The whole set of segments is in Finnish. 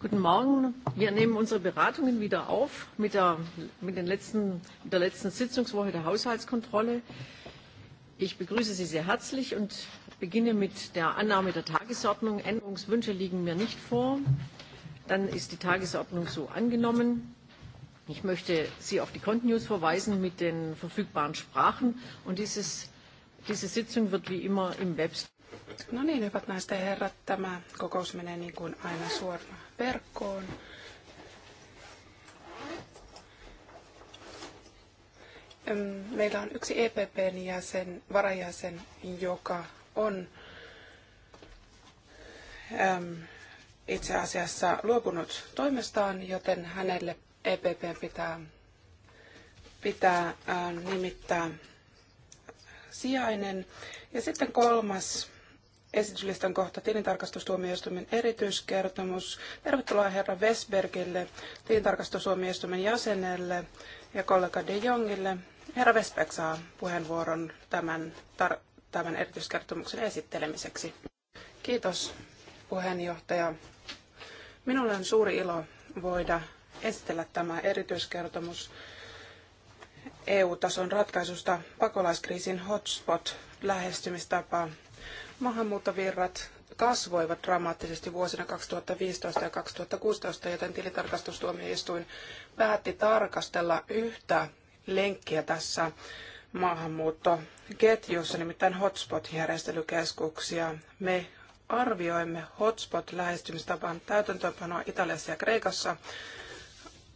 Guten Morgen. Wir nehmen unsere Beratungen wieder auf mit der, mit den letzten, mit der letzten Sitzungswoche der Haushaltskontrolle. Ich begrüße Sie sehr herzlich und beginne mit der Annahme der Tagesordnung. Änderungswünsche liegen mir nicht vor. Dann ist die Tagesordnung so angenommen. Ich möchte Sie auf die Kontinuus verweisen mit den verfügbaren Sprachen. Und dieses, diese Sitzung wird wie immer im Webstream No niin, hyvät naiset ja herrat, tämä kokous menee niin kuin aina suoraan verkkoon. Meillä on yksi EPPn jäsen, varajäsen, joka on itse asiassa luopunut toimestaan, joten hänelle EPP pitää, pitää nimittää sijainen. Ja sitten kolmas Esityslistan kohta tilintarkastustuomioistuimen erityiskertomus. Tervetuloa herra Vesbergille, tilintarkastustuomioistuimen jäsenelle ja kollega De Jongille. Herra Vesberg saa puheenvuoron tämän, tar- tämän erityiskertomuksen esittelemiseksi. Kiitos puheenjohtaja. Minulle on suuri ilo voida esitellä tämä erityiskertomus EU-tason ratkaisusta pakolaiskriisin hotspot lähestymistapaa Maahanmuuttovirrat kasvoivat dramaattisesti vuosina 2015 ja 2016, joten tilintarkastustuomioistuin päätti tarkastella yhtä lenkkiä tässä maahanmuuttoketjussa, nimittäin hotspot-järjestelykeskuksia. Me arvioimme hotspot-lähestymistapan täytäntöönpanoa Italiassa ja Kreikassa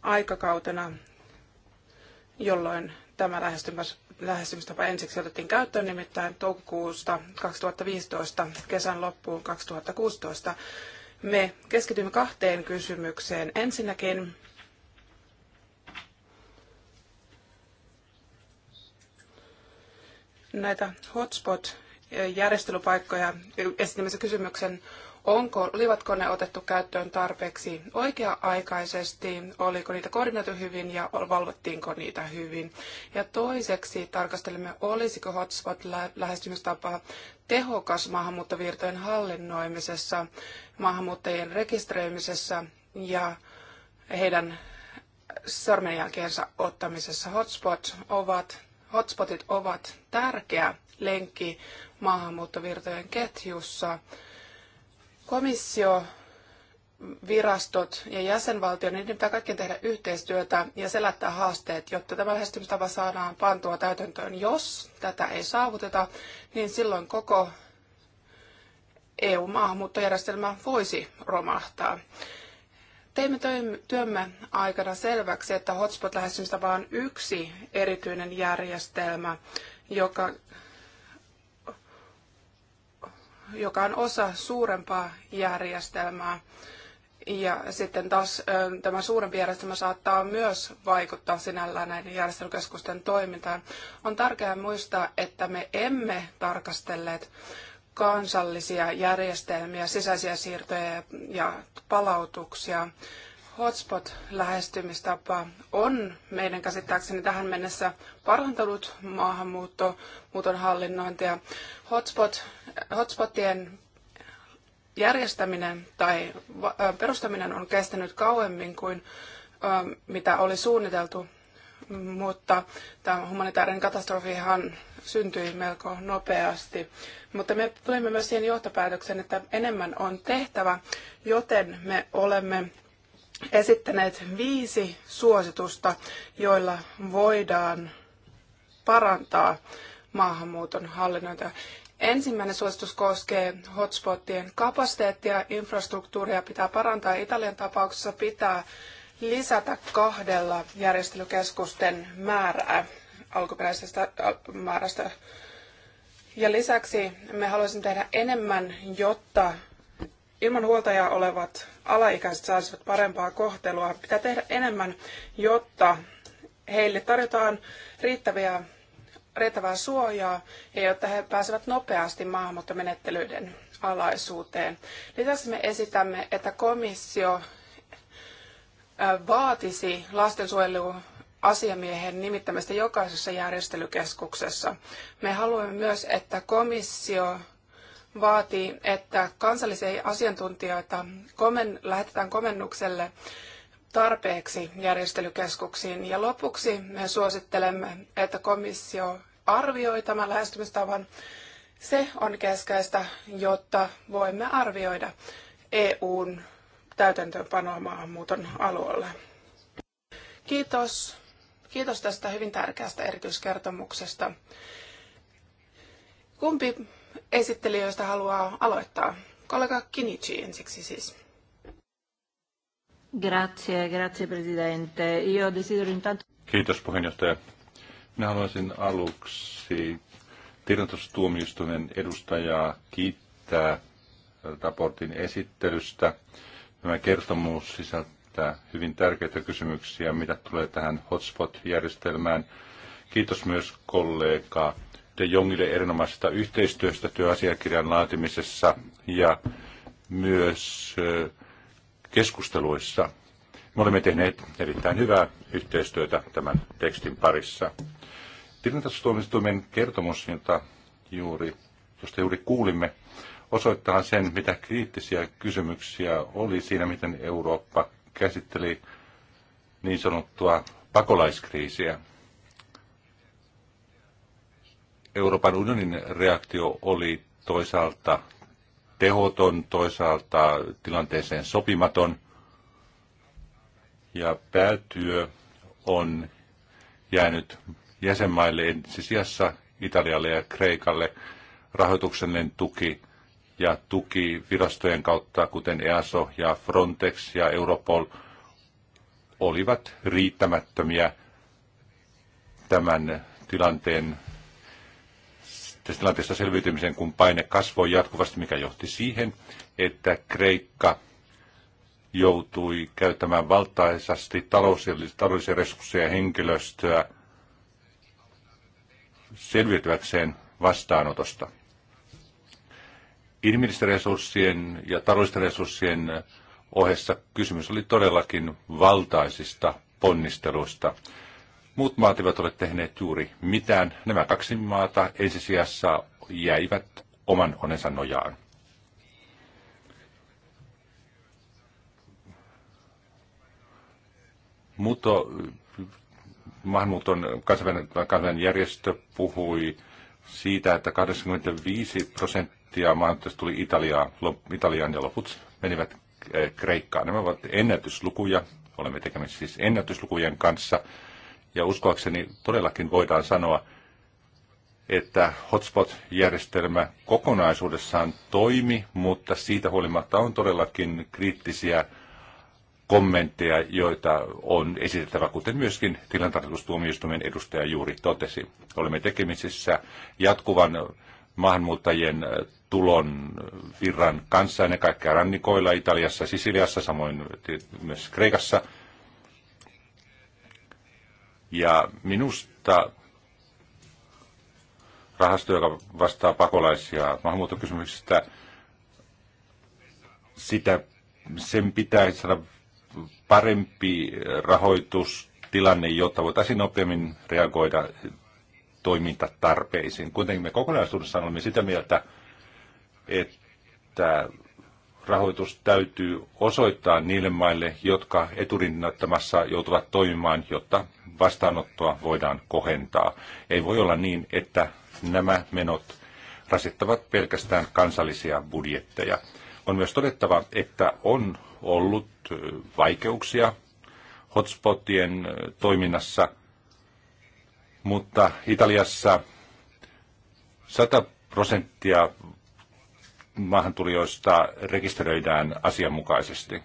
aikakautena, jolloin tämä lähestymistapa ensiksi otettiin käyttöön, nimittäin toukokuusta 2015 kesän loppuun 2016. Me keskitymme kahteen kysymykseen. Ensinnäkin näitä hotspot-järjestelypaikkoja, esitimme kysymyksen, onko, olivatko ne otettu käyttöön tarpeeksi oikea-aikaisesti, oliko niitä koordinoitu hyvin ja valvottiinko niitä hyvin. Ja toiseksi tarkastelemme, olisiko hotspot-lähestymistapa tehokas maahanmuuttovirtojen hallinnoimisessa, maahanmuuttajien rekisteröimisessä ja heidän sormenjälkeensä ottamisessa. Hotspot ovat, hotspotit ovat tärkeä lenkki maahanmuuttovirtojen ketjussa Komissio, virastot ja jäsenvaltio, niin pitää kaikkien tehdä yhteistyötä ja selättää haasteet, jotta tämä lähestymistapa saadaan pantua täytäntöön. Jos tätä ei saavuteta, niin silloin koko EU-maahanmuuttojärjestelmä voisi romahtaa. Teimme työmme aikana selväksi, että hotspot-lähestymistapa on yksi erityinen järjestelmä, joka joka on osa suurempaa järjestelmää. Ja sitten taas tämä suurempi järjestelmä saattaa myös vaikuttaa sinällään näiden järjestelykeskusten toimintaan. On tärkeää muistaa, että me emme tarkastelleet kansallisia järjestelmiä, sisäisiä siirtoja ja palautuksia hotspot-lähestymistapa on meidän käsittääkseni tähän mennessä parantanut muuton hallinnointia. Hotspot, hotspotien järjestäminen tai perustaminen on kestänyt kauemmin kuin mitä oli suunniteltu, mutta tämä humanitaarinen katastrofihan syntyi melko nopeasti. Mutta me tulimme myös siihen johtopäätöksen, että enemmän on tehtävä, joten me olemme esittäneet viisi suositusta, joilla voidaan parantaa maahanmuuton hallinnointia. Ensimmäinen suositus koskee hotspottien kapasiteettia, infrastruktuuria pitää parantaa. Italian tapauksessa pitää lisätä kahdella järjestelykeskusten määrää alkuperäisestä äh, määrästä. Ja lisäksi me haluaisimme tehdä enemmän, jotta Ilman huoltajaa olevat alaikäiset saisivat parempaa kohtelua. Pitää tehdä enemmän, jotta heille tarjotaan riittäviä, riittävää suojaa ja jotta he pääsevät nopeasti maahanmuuttomenettelyiden alaisuuteen. Lisäksi me esitämme, että komissio äh, vaatisi lastensuojeluasiamiehen nimittämistä jokaisessa järjestelykeskuksessa. Me haluamme myös, että komissio vaatii, että kansallisia asiantuntijoita komen, lähetetään komennukselle tarpeeksi järjestelykeskuksiin. Ja lopuksi me suosittelemme, että komissio arvioi tämän lähestymistavan. Se on keskeistä, jotta voimme arvioida EUn täytäntöönpanoa maahanmuuton alueella. Kiitos. Kiitos tästä hyvin tärkeästä erityiskertomuksesta. Kumpi esittelijöistä haluaa aloittaa? Kollega Kinici ensiksi siis. Grazie, grazie presidente. Io desidero intanto... Kiitos puheenjohtaja. Minä haluaisin aluksi tiedotustuomioistuimen edustajaa kiittää raportin esittelystä. Tämä kertomus sisältää hyvin tärkeitä kysymyksiä, mitä tulee tähän hotspot-järjestelmään. Kiitos myös kollega De Jongille erinomaisesta yhteistyöstä työasiakirjan laatimisessa ja myös keskusteluissa. Me olemme tehneet erittäin hyvää yhteistyötä tämän tekstin parissa. Tilintarkastustuomioistuimen kertomus, jota juuri, josta juuri kuulimme, osoittaa sen, mitä kriittisiä kysymyksiä oli siinä, miten Eurooppa käsitteli niin sanottua pakolaiskriisiä. Euroopan unionin reaktio oli toisaalta tehoton, toisaalta tilanteeseen sopimaton. Ja päätyö on jäänyt jäsenmaille ensisijassa Italialle ja Kreikalle rahoituksellinen tuki ja tuki virastojen kautta, kuten EASO ja Frontex ja Europol, olivat riittämättömiä tämän tilanteen tästä tilanteesta selviytymiseen, kun paine kasvoi jatkuvasti, mikä johti siihen, että Kreikka joutui käyttämään valtaisasti taloudellisia resursseja ja henkilöstöä selviytyäkseen vastaanotosta. Inhimillisten resurssien ja taloudellisten resurssien ohessa kysymys oli todellakin valtaisista ponnisteluista. Muut maat eivät ole tehneet juuri mitään. Nämä kaksi maata ensisijassa jäivät oman onensa nojaan. Muto, maahanmuuton kansainvälinen, kansainvälinen järjestö puhui siitä, että 85 prosenttia maahanmuuttajista tuli Italiaan, Italiaan ja loput menivät eh, Kreikkaan. Nämä ovat ennätyslukuja. Olemme tekemisissä siis ennätyslukujen kanssa. Ja uskoakseni todellakin voidaan sanoa, että hotspot-järjestelmä kokonaisuudessaan toimi, mutta siitä huolimatta on todellakin kriittisiä kommentteja, joita on esitettävä, kuten myöskin tilantarkastustuomioistuimen edustaja juuri totesi. Olemme tekemisissä jatkuvan maahanmuuttajien tulon virran kanssa, ennen kaikkea rannikoilla Italiassa, Sisiliassa, samoin myös Kreikassa – ja minusta rahasto, joka vastaa pakolaisia maahanmuuttokysymyksistä, sitä, sen pitäisi saada parempi rahoitustilanne, jotta voitaisiin nopeammin reagoida toimintatarpeisiin. Kuitenkin me kokonaisuudessaan olemme sitä mieltä, että rahoitus täytyy osoittaa niille maille, jotka eturinnattamassa joutuvat toimimaan, jotta vastaanottoa voidaan kohentaa. Ei voi olla niin, että nämä menot rasittavat pelkästään kansallisia budjetteja. On myös todettava, että on ollut vaikeuksia hotspotien toiminnassa, mutta Italiassa 100 prosenttia maahantulijoista rekisteröidään asianmukaisesti.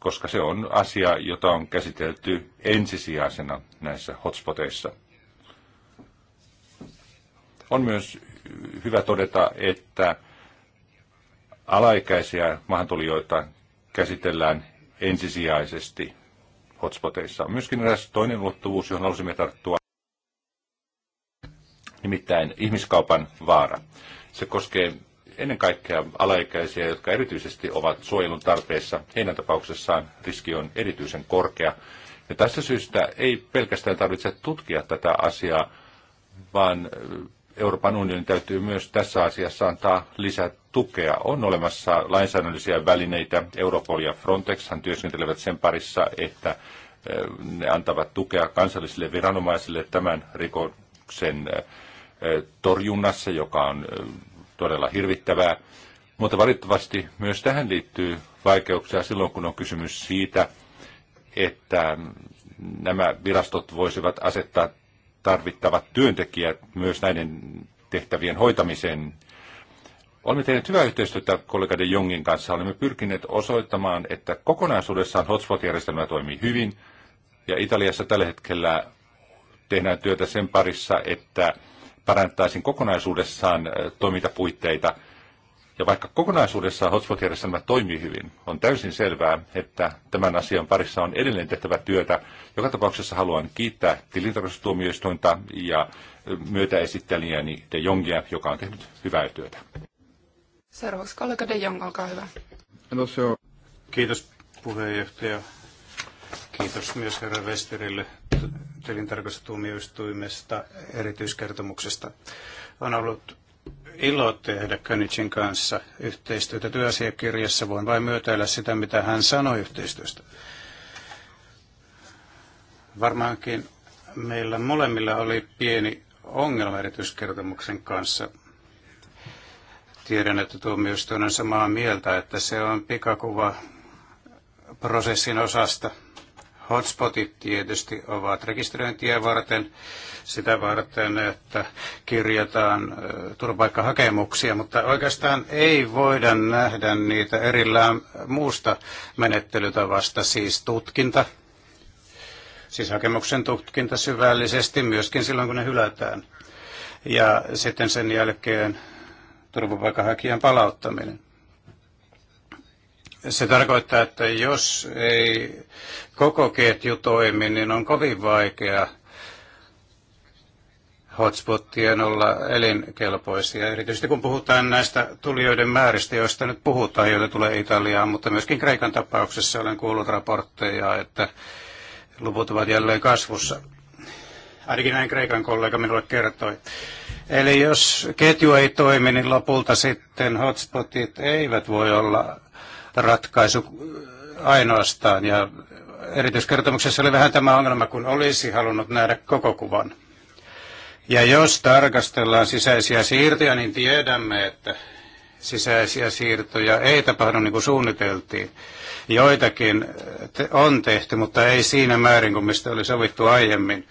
koska se on asia, jota on käsitelty ensisijaisena näissä hotspoteissa. On myös hyvä todeta, että alaikäisiä maahantulijoita käsitellään ensisijaisesti hotspoteissa. On myöskin eräs toinen ulottuvuus, johon halusimme tarttua, nimittäin ihmiskaupan vaara. Se koskee ennen kaikkea alaikäisiä, jotka erityisesti ovat suojelun tarpeessa. Heidän tapauksessaan riski on erityisen korkea. Ja tästä syystä ei pelkästään tarvitse tutkia tätä asiaa, vaan eh, Euroopan unionin täytyy myös tässä asiassa antaa tukea. On olemassa lainsäädännöllisiä välineitä. Europol ja Frontex työskentelevät sen parissa, että eh, ne antavat tukea kansallisille viranomaisille tämän rikoksen eh, torjunnassa, joka on todella hirvittävää. Mutta valitettavasti myös tähän liittyy vaikeuksia silloin, kun on kysymys siitä, että nämä virastot voisivat asettaa tarvittavat työntekijät myös näiden tehtävien hoitamiseen. Olemme tehneet hyvää yhteistyötä kollegaiden Jongin kanssa. Olemme pyrkineet osoittamaan, että kokonaisuudessaan hotspot-järjestelmä toimii hyvin. Ja Italiassa tällä hetkellä tehdään työtä sen parissa, että parantaisin kokonaisuudessaan toimintapuitteita. Ja vaikka kokonaisuudessaan hotspot-järjestelmä toimii hyvin, on täysin selvää, että tämän asian parissa on edelleen tehtävä työtä. Joka tapauksessa haluan kiittää tilintarkastustuomioistuinta ja myötäesittelijäni De Jongia, joka on tehnyt hyvää työtä. Seuraavaksi kollega De Jong, olkaa hyvä. No Kiitos puheenjohtaja. Kiitos myös herra Westerille tilintarkastustuomioistuimesta erityiskertomuksesta. On ollut ilo tehdä Könitsin kanssa yhteistyötä työasiakirjassa. Voin vain myötäillä sitä, mitä hän sanoi yhteistyöstä. Varmaankin meillä molemmilla oli pieni ongelma erityiskertomuksen kanssa. Tiedän, että tuomioistuin on samaa mieltä, että se on pikakuva prosessin osasta – Hotspotit tietysti ovat rekisteröintiä varten, sitä varten, että kirjataan turvapaikkahakemuksia, mutta oikeastaan ei voida nähdä niitä erillään muusta menettelytavasta, siis tutkinta, siis hakemuksen tutkinta syvällisesti myöskin silloin, kun ne hylätään. Ja sitten sen jälkeen turvapaikanhakijan palauttaminen. Se tarkoittaa, että jos ei koko ketju toimi, niin on kovin vaikea hotspottien olla elinkelpoisia, erityisesti kun puhutaan näistä tulijoiden määristä, joista nyt puhutaan, joita tulee Italiaan, mutta myöskin Kreikan tapauksessa olen kuullut raportteja, että luvut ovat jälleen kasvussa. Ainakin näin Kreikan kollega minulle kertoi. Eli jos ketju ei toimi, niin lopulta sitten hotspotit eivät voi olla ratkaisu äh, ainoastaan. Ja erityiskertomuksessa oli vähän tämä ongelma, kun olisi halunnut nähdä koko kuvan. Ja jos tarkastellaan sisäisiä siirtoja, niin tiedämme, että sisäisiä siirtoja ei tapahdu niin kuin suunniteltiin. Joitakin äh, on tehty, mutta ei siinä määrin kuin mistä oli sovittu aiemmin.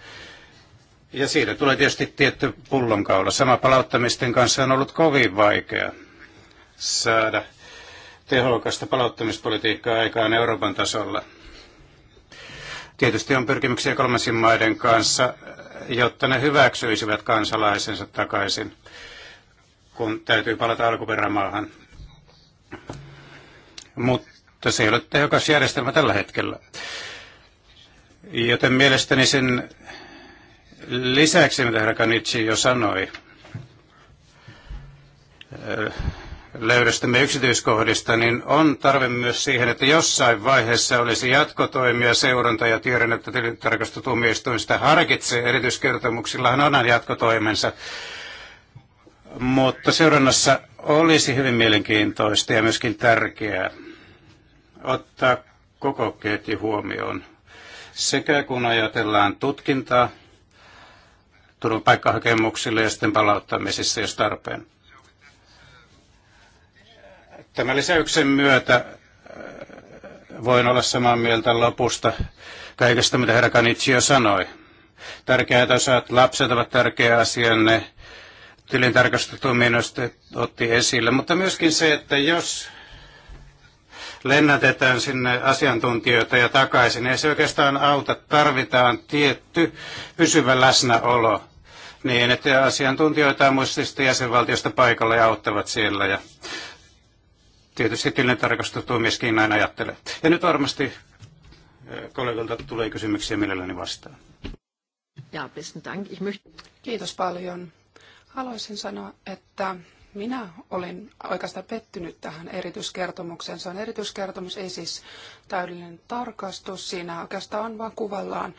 Ja siitä tulee tietysti tietty pullonkaula. Sama palauttamisten kanssa on ollut kovin vaikea saada tehokasta palauttamispolitiikkaa aikaan Euroopan tasolla. Tietysti on pyrkimyksiä kolmansien maiden kanssa, jotta ne hyväksyisivät kansalaisensa takaisin, kun täytyy palata alkuperämaahan. Mutta se ei ole tehokas järjestelmä tällä hetkellä. Joten mielestäni sen lisäksi, mitä herra Kanitsi jo sanoi, löydöstämme yksityiskohdista, niin on tarve myös siihen, että jossain vaiheessa olisi jatkotoimia, seuranta ja tiedän, että tilintarkastustuomioistuin sitä harkitsee. Erityiskertomuksillahan on jatkotoimensa. Mutta seurannassa olisi hyvin mielenkiintoista ja myöskin tärkeää ottaa koko ketju huomioon. Sekä kun ajatellaan tutkintaa turvapaikkahakemuksille ja sitten palauttamisissa, jos tarpeen. Tämän lisäyksen myötä äh, voin olla samaa mieltä lopusta kaikesta, mitä herra Kanitsio sanoi. Tärkeät osat, lapset ovat tärkeä asia, ne tilintarkastetuminoista otti esille, mutta myöskin se, että jos lennätetään sinne asiantuntijoita ja takaisin, ei se oikeastaan auta, tarvitaan tietty pysyvä läsnäolo niin, että asiantuntijoita on muistista jäsenvaltiosta paikalla ja auttavat siellä. Ja Tietysti tilintarkastustuomieskin näin ajattelee. Ja nyt varmasti eh, kollegalta tulee kysymyksiä mielelläni vastaan. Ja, besten dank. Ich möchte... Kiitos paljon. Haluaisin sanoa, että minä olin oikeastaan pettynyt tähän erityiskertomukseen. Se on erityiskertomus, ei siis täydellinen tarkastus. Siinä oikeastaan on vaan kuvallaan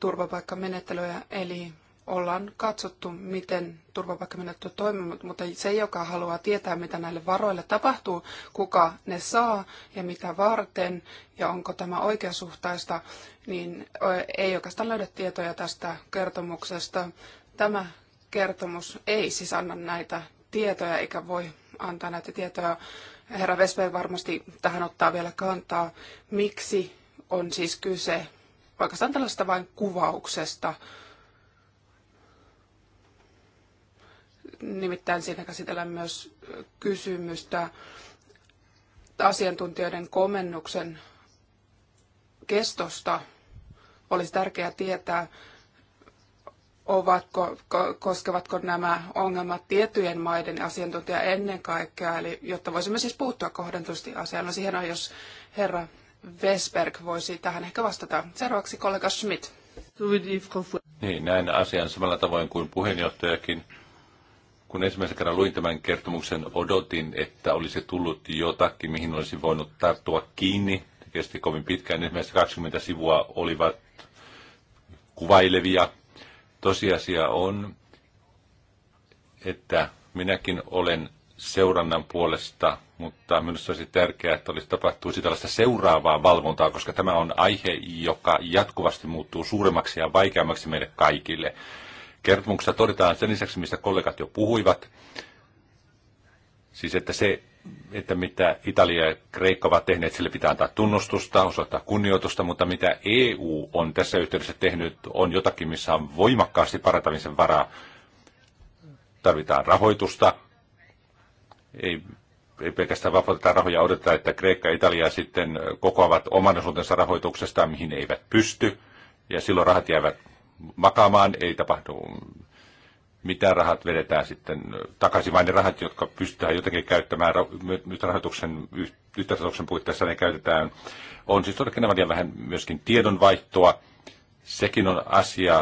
turvapaikkamenettelyjä, eli ollaan katsottu, miten turvapaikkamenettely toiminut, mutta se, joka haluaa tietää, mitä näille varoille tapahtuu, kuka ne saa ja mitä varten ja onko tämä oikeasuhtaista, niin ei oikeastaan löydä tietoja tästä kertomuksesta. Tämä kertomus ei siis anna näitä tietoja eikä voi antaa näitä tietoja. Herra Vesper varmasti tähän ottaa vielä kantaa, miksi on siis kyse oikeastaan tällaista vain kuvauksesta Nimittäin siinä käsitellään myös kysymystä asiantuntijoiden komennuksen kestosta. Olisi tärkeää tietää, ovatko, koskevatko nämä ongelmat tiettyjen maiden asiantuntija ennen kaikkea, eli jotta voisimme siis puuttua kohdentusti asiaan. No siihen on jos herra Vesberg voisi tähän ehkä vastata. Seuraavaksi kollega Schmidt. Niin, näin asian samalla tavoin kuin puheenjohtajakin. Kun ensimmäisen kerran luin tämän kertomuksen, odotin, että olisi tullut jotakin, mihin olisi voinut tarttua kiinni. Se kesti kovin pitkään. Ensimmäiset 20 sivua olivat kuvailevia. Tosiasia on, että minäkin olen seurannan puolesta, mutta minusta olisi tärkeää, että olisi tapahtuisi tällaista seuraavaa valvontaa, koska tämä on aihe, joka jatkuvasti muuttuu suuremmaksi ja vaikeammaksi meille kaikille. Kertomuksessa todetaan sen lisäksi, mistä kollegat jo puhuivat, siis että se, että mitä Italia ja Kreikka ovat tehneet, sille pitää antaa tunnustusta, osoittaa kunnioitusta, mutta mitä EU on tässä yhteydessä tehnyt, on jotakin, missä on voimakkaasti parantamisen varaa. Tarvitaan rahoitusta, ei, ei pelkästään vapauteta rahoja, odotetaan, että Kreikka ja Italia sitten kokoavat oman osuutensa rahoituksesta, mihin ne eivät pysty, ja silloin rahat jäävät makaamaan, ei tapahdu mitään rahat vedetään sitten takaisin, vain ne rahat, jotka pystytään jotenkin käyttämään nyt rahoituksen yhteisrahoituksen puitteissa, ne käytetään. On siis todellakin liian vähän myöskin tiedonvaihtoa. Sekin on asia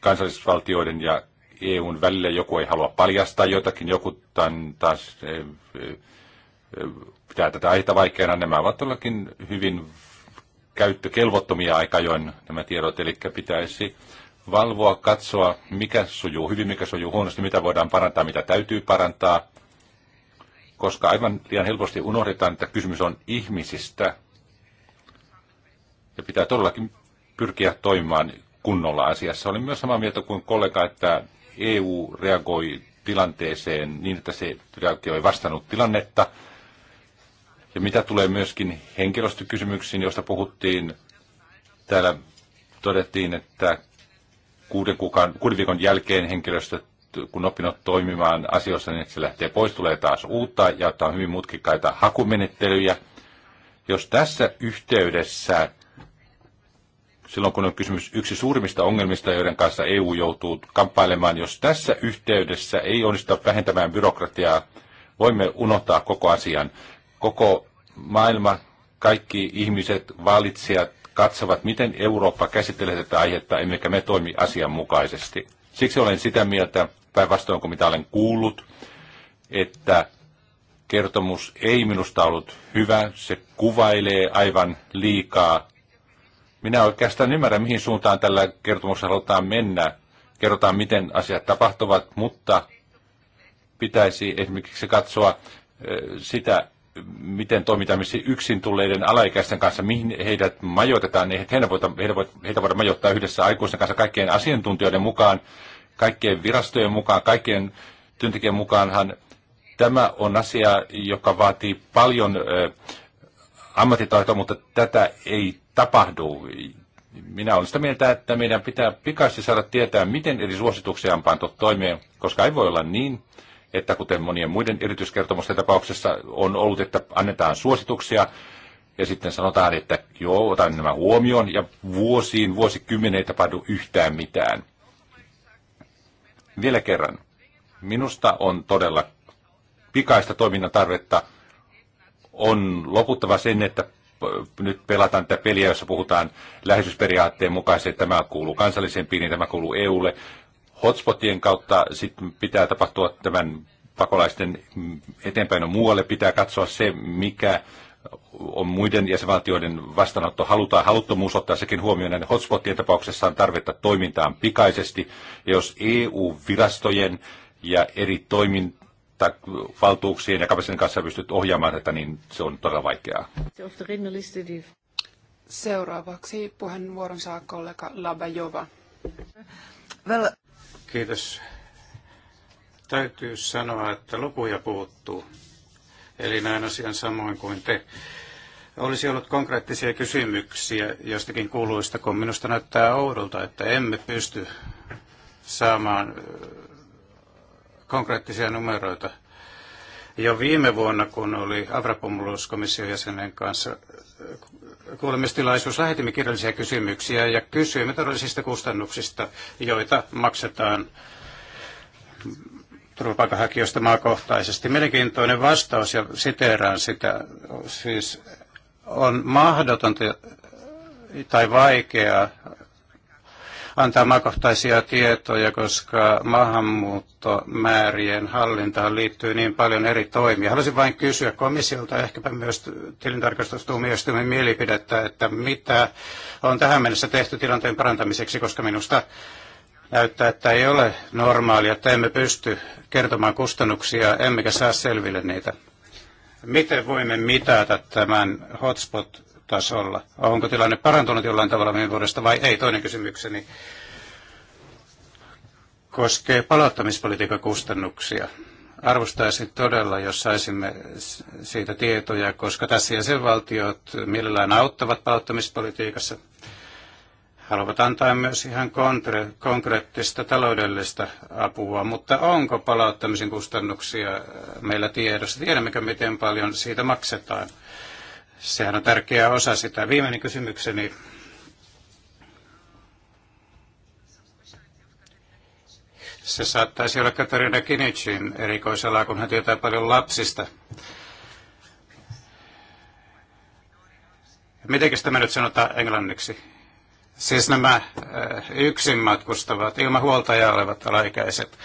kansallisvaltioiden ja EUn välillä. Joku ei halua paljastaa jotakin, joku taas e- e- e- pitää tätä aihetta vaikeana. Nämä ovat todellakin hyvin käyttökelvottomia aikajoin, nämä tiedot, eli pitäisi valvoa, katsoa, mikä sujuu hyvin, mikä sujuu huonosti, mitä voidaan parantaa, mitä täytyy parantaa. Koska aivan liian helposti unohdetaan, että kysymys on ihmisistä. Ja pitää todellakin pyrkiä toimimaan kunnolla asiassa. Olen myös samaa mieltä kuin kollega, että EU reagoi tilanteeseen niin, että se reagoi vastannut tilannetta. Ja mitä tulee myöskin henkilöstökysymyksiin, joista puhuttiin, täällä todettiin, että kuuden, kuukauden, kuuden viikon jälkeen henkilöstö, kun opinnot toimimaan asioissa, niin se lähtee pois, tulee taas uutta ja ottaa hyvin mutkikkaita hakumenettelyjä. Jos tässä yhteydessä, silloin kun on kysymys yksi suurimmista ongelmista, joiden kanssa EU joutuu kamppailemaan, jos tässä yhteydessä ei onnistu vähentämään byrokratiaa, voimme unohtaa koko asian. Koko maailma, kaikki ihmiset, valitsijat, katsovat, miten Eurooppa käsittelee tätä aihetta, emmekä me toimi asianmukaisesti. Siksi olen sitä mieltä, päinvastoin kuin mitä olen kuullut, että kertomus ei minusta ollut hyvä, se kuvailee aivan liikaa. Minä oikeastaan ymmärrän, mihin suuntaan tällä kertomuksella halutaan mennä. Kerrotaan, miten asiat tapahtuvat, mutta pitäisi esimerkiksi katsoa eh, sitä, miten toimitaan yksin tulleiden alaikäisten kanssa, mihin heidät majoitetaan, niin heitä voidaan, heitä heitä majoittaa yhdessä aikuisten kanssa kaikkien asiantuntijoiden mukaan, kaikkien virastojen mukaan, kaikkien työntekijän mukaanhan. Tämä on asia, joka vaatii paljon ammattitaitoa, mutta tätä ei tapahdu. Minä olen sitä mieltä, että meidän pitää pikaisesti saada tietää, miten eri suosituksia on pantu toimeen, koska ei voi olla niin, että kuten monien muiden erityiskertomusten tapauksessa on ollut, että annetaan suosituksia ja sitten sanotaan, että joo, otan nämä huomioon ja vuosiin, vuosikymmeneen ei tapahdu yhtään mitään. Vielä kerran. Minusta on todella pikaista toiminnan tarvetta. On loputtava sen, että nyt pelataan tätä peliä, jossa puhutaan läheisyysperiaatteen mukaisesti, että tämä kuuluu kansalliseen piiriin, tämä kuuluu EUlle hotspotien kautta sit pitää tapahtua tämän pakolaisten eteenpäin on muualle. Pitää katsoa se, mikä on muiden jäsenvaltioiden vastaanotto halutaan haluttomuus ottaa sekin huomioon. Näiden hotspotien tapauksessa on tarvetta toimintaan pikaisesti. Ja jos EU-virastojen ja eri toimintavaltuuksien ja kapasiteetin kanssa pystyt ohjaamaan tätä, niin se on todella vaikeaa. Seuraavaksi puheenvuoron saa kollega Labajova. Well, Kiitos. Täytyy sanoa, että lukuja puuttuu. Eli näin asian samoin kuin te. Olisi ollut konkreettisia kysymyksiä jostakin kuuluista, kun minusta näyttää oudolta, että emme pysty saamaan konkreettisia numeroita. Jo viime vuonna, kun oli Avrapomulus komission jäsenen kanssa kuulemistilaisuus lähetimme kirjallisia kysymyksiä ja kysyimme todellisista kustannuksista, joita maksetaan turvapaikanhakijoista maakohtaisesti. Mielenkiintoinen vastaus, ja siteeraan sitä, siis on mahdotonta tai vaikeaa antaa maakohtaisia tietoja, koska maahanmuuttomäärien hallintaan liittyy niin paljon eri toimia. Haluaisin vain kysyä komissiolta, ehkäpä myös tilintarkastustuomioistuimen mielipidettä, että mitä on tähän mennessä tehty tilanteen parantamiseksi, koska minusta näyttää, että ei ole normaalia, että emme pysty kertomaan kustannuksia, emmekä saa selville niitä. Miten voimme mitata tämän hotspot tasolla. Onko tilanne parantunut jollain tavalla viime vuodesta vai ei? Toinen kysymykseni koskee palauttamispolitiikan kustannuksia. Arvostaisin todella, jos saisimme siitä tietoja, koska tässä jäsenvaltiot millään auttavat palauttamispolitiikassa. Haluavat antaa myös ihan konkreettista taloudellista apua, mutta onko palauttamisen kustannuksia meillä tiedossa? Tiedämmekö, miten paljon siitä maksetaan? Sehän on tärkeä osa sitä. Viimeinen kysymykseni. Se saattaisi olla Katarina Kinicin erikoisala, kun hän tietää paljon lapsista. Miten tämä nyt sanotaan englanniksi? Siis nämä äh, yksin matkustavat, ilman huoltajaa olevat alaikäiset.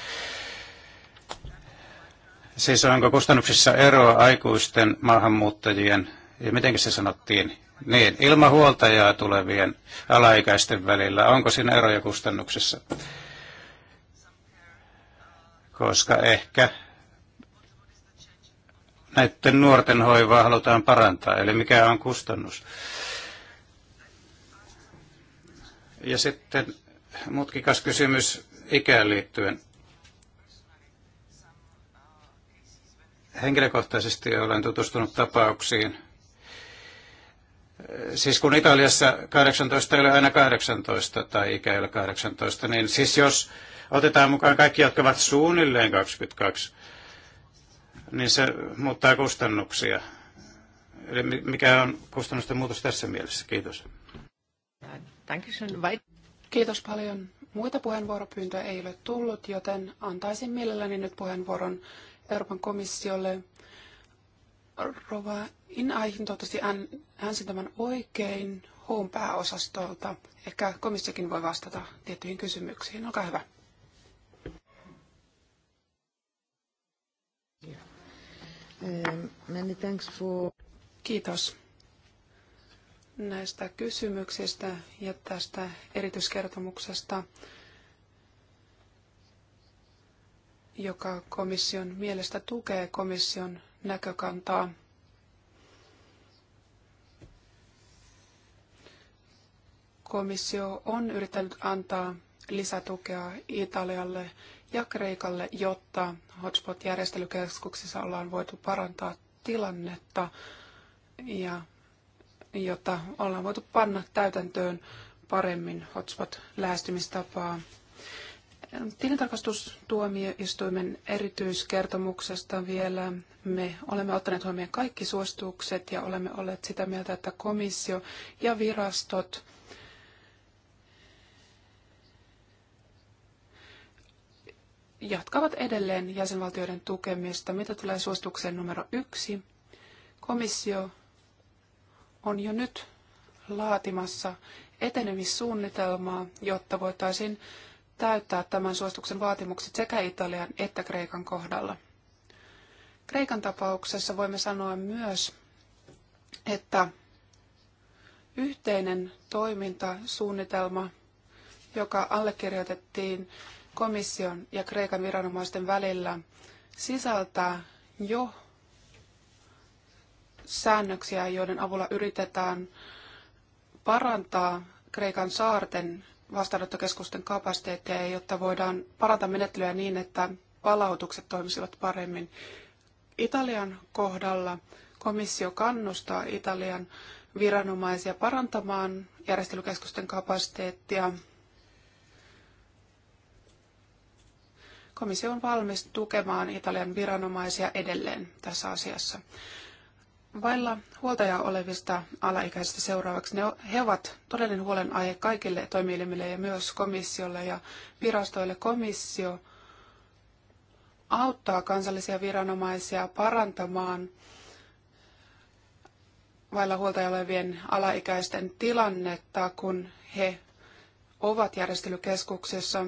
Siis onko kustannuksissa eroa aikuisten maahanmuuttajien miten se sanottiin, niin, ilmahuoltajaa tulevien alaikäisten välillä. Onko siinä eroja kustannuksissa? Koska ehkä näiden nuorten hoivaa halutaan parantaa, eli mikä on kustannus. Ja sitten mutkikas kysymys ikään liittyen. Henkilökohtaisesti olen tutustunut tapauksiin, Siis kun Italiassa 18 ei ole aina 18 tai ikä ei ole 18, niin siis jos otetaan mukaan kaikki, jotka ovat suunnilleen 22, niin se muuttaa kustannuksia. Eli mikä on kustannusten muutos tässä mielessä? Kiitos. Kiitos paljon. Muita puheenvuoropyyntöjä ei ole tullut, joten antaisin mielelläni nyt puheenvuoron Euroopan komissiolle. Rova Inaihin, totesi äänsin tämän oikein HUUn pääosastolta. Ehkä komissiokin voi vastata tiettyihin kysymyksiin. Olkaa hyvä. Many thanks for... Kiitos näistä kysymyksistä ja tästä erityiskertomuksesta, joka komission mielestä tukee komission näkökantaa komissio on yrittänyt antaa lisätukea Italialle ja Kreikalle, jotta hotspot-järjestelykeskuksissa ollaan voitu parantaa tilannetta ja jotta ollaan voitu panna täytäntöön paremmin hotspot-lähestymistapaa. Tilintarkastustuomioistuimen erityiskertomuksesta vielä. Me olemme ottaneet huomioon kaikki suositukset ja olemme olleet sitä mieltä, että komissio ja virastot – jatkavat edelleen jäsenvaltioiden tukemista. Mitä tulee suositukseen numero yksi, komissio on jo nyt laatimassa etenemissuunnitelmaa, jotta voitaisiin täyttää tämän suosituksen vaatimukset sekä Italian että Kreikan kohdalla. Kreikan tapauksessa voimme sanoa myös, että yhteinen toimintasuunnitelma, joka allekirjoitettiin komission ja Kreikan viranomaisten välillä sisältää jo säännöksiä, joiden avulla yritetään parantaa Kreikan saarten vastaanottokeskusten kapasiteettia, jotta voidaan parantaa menettelyä niin, että palautukset toimisivat paremmin. Italian kohdalla komissio kannustaa Italian viranomaisia parantamaan järjestelykeskusten kapasiteettia komissio on valmis tukemaan Italian viranomaisia edelleen tässä asiassa. Vailla huoltajaa olevista alaikäisistä seuraavaksi ne, he ovat todellinen huolenaihe kaikille toimielimille ja myös komissiolle ja virastoille. Komissio auttaa kansallisia viranomaisia parantamaan vailla huoltaja olevien alaikäisten tilannetta, kun he ovat järjestelykeskuksessa.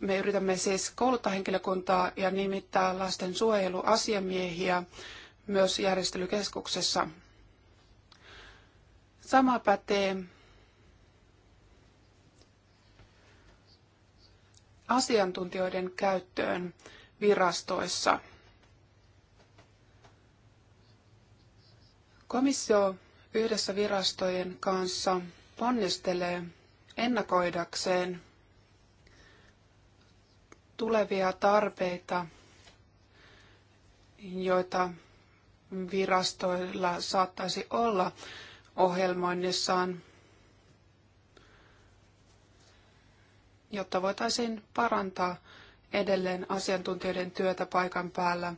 Me yritämme siis kouluttaa henkilökuntaa ja nimittää lastensuojeluasiamiehiä myös järjestelykeskuksessa. Sama pätee asiantuntijoiden käyttöön virastoissa. Komissio yhdessä virastojen kanssa ponnistelee ennakoidakseen tulevia tarpeita, joita virastoilla saattaisi olla ohjelmoinnissaan, jotta voitaisiin parantaa edelleen asiantuntijoiden työtä paikan päällä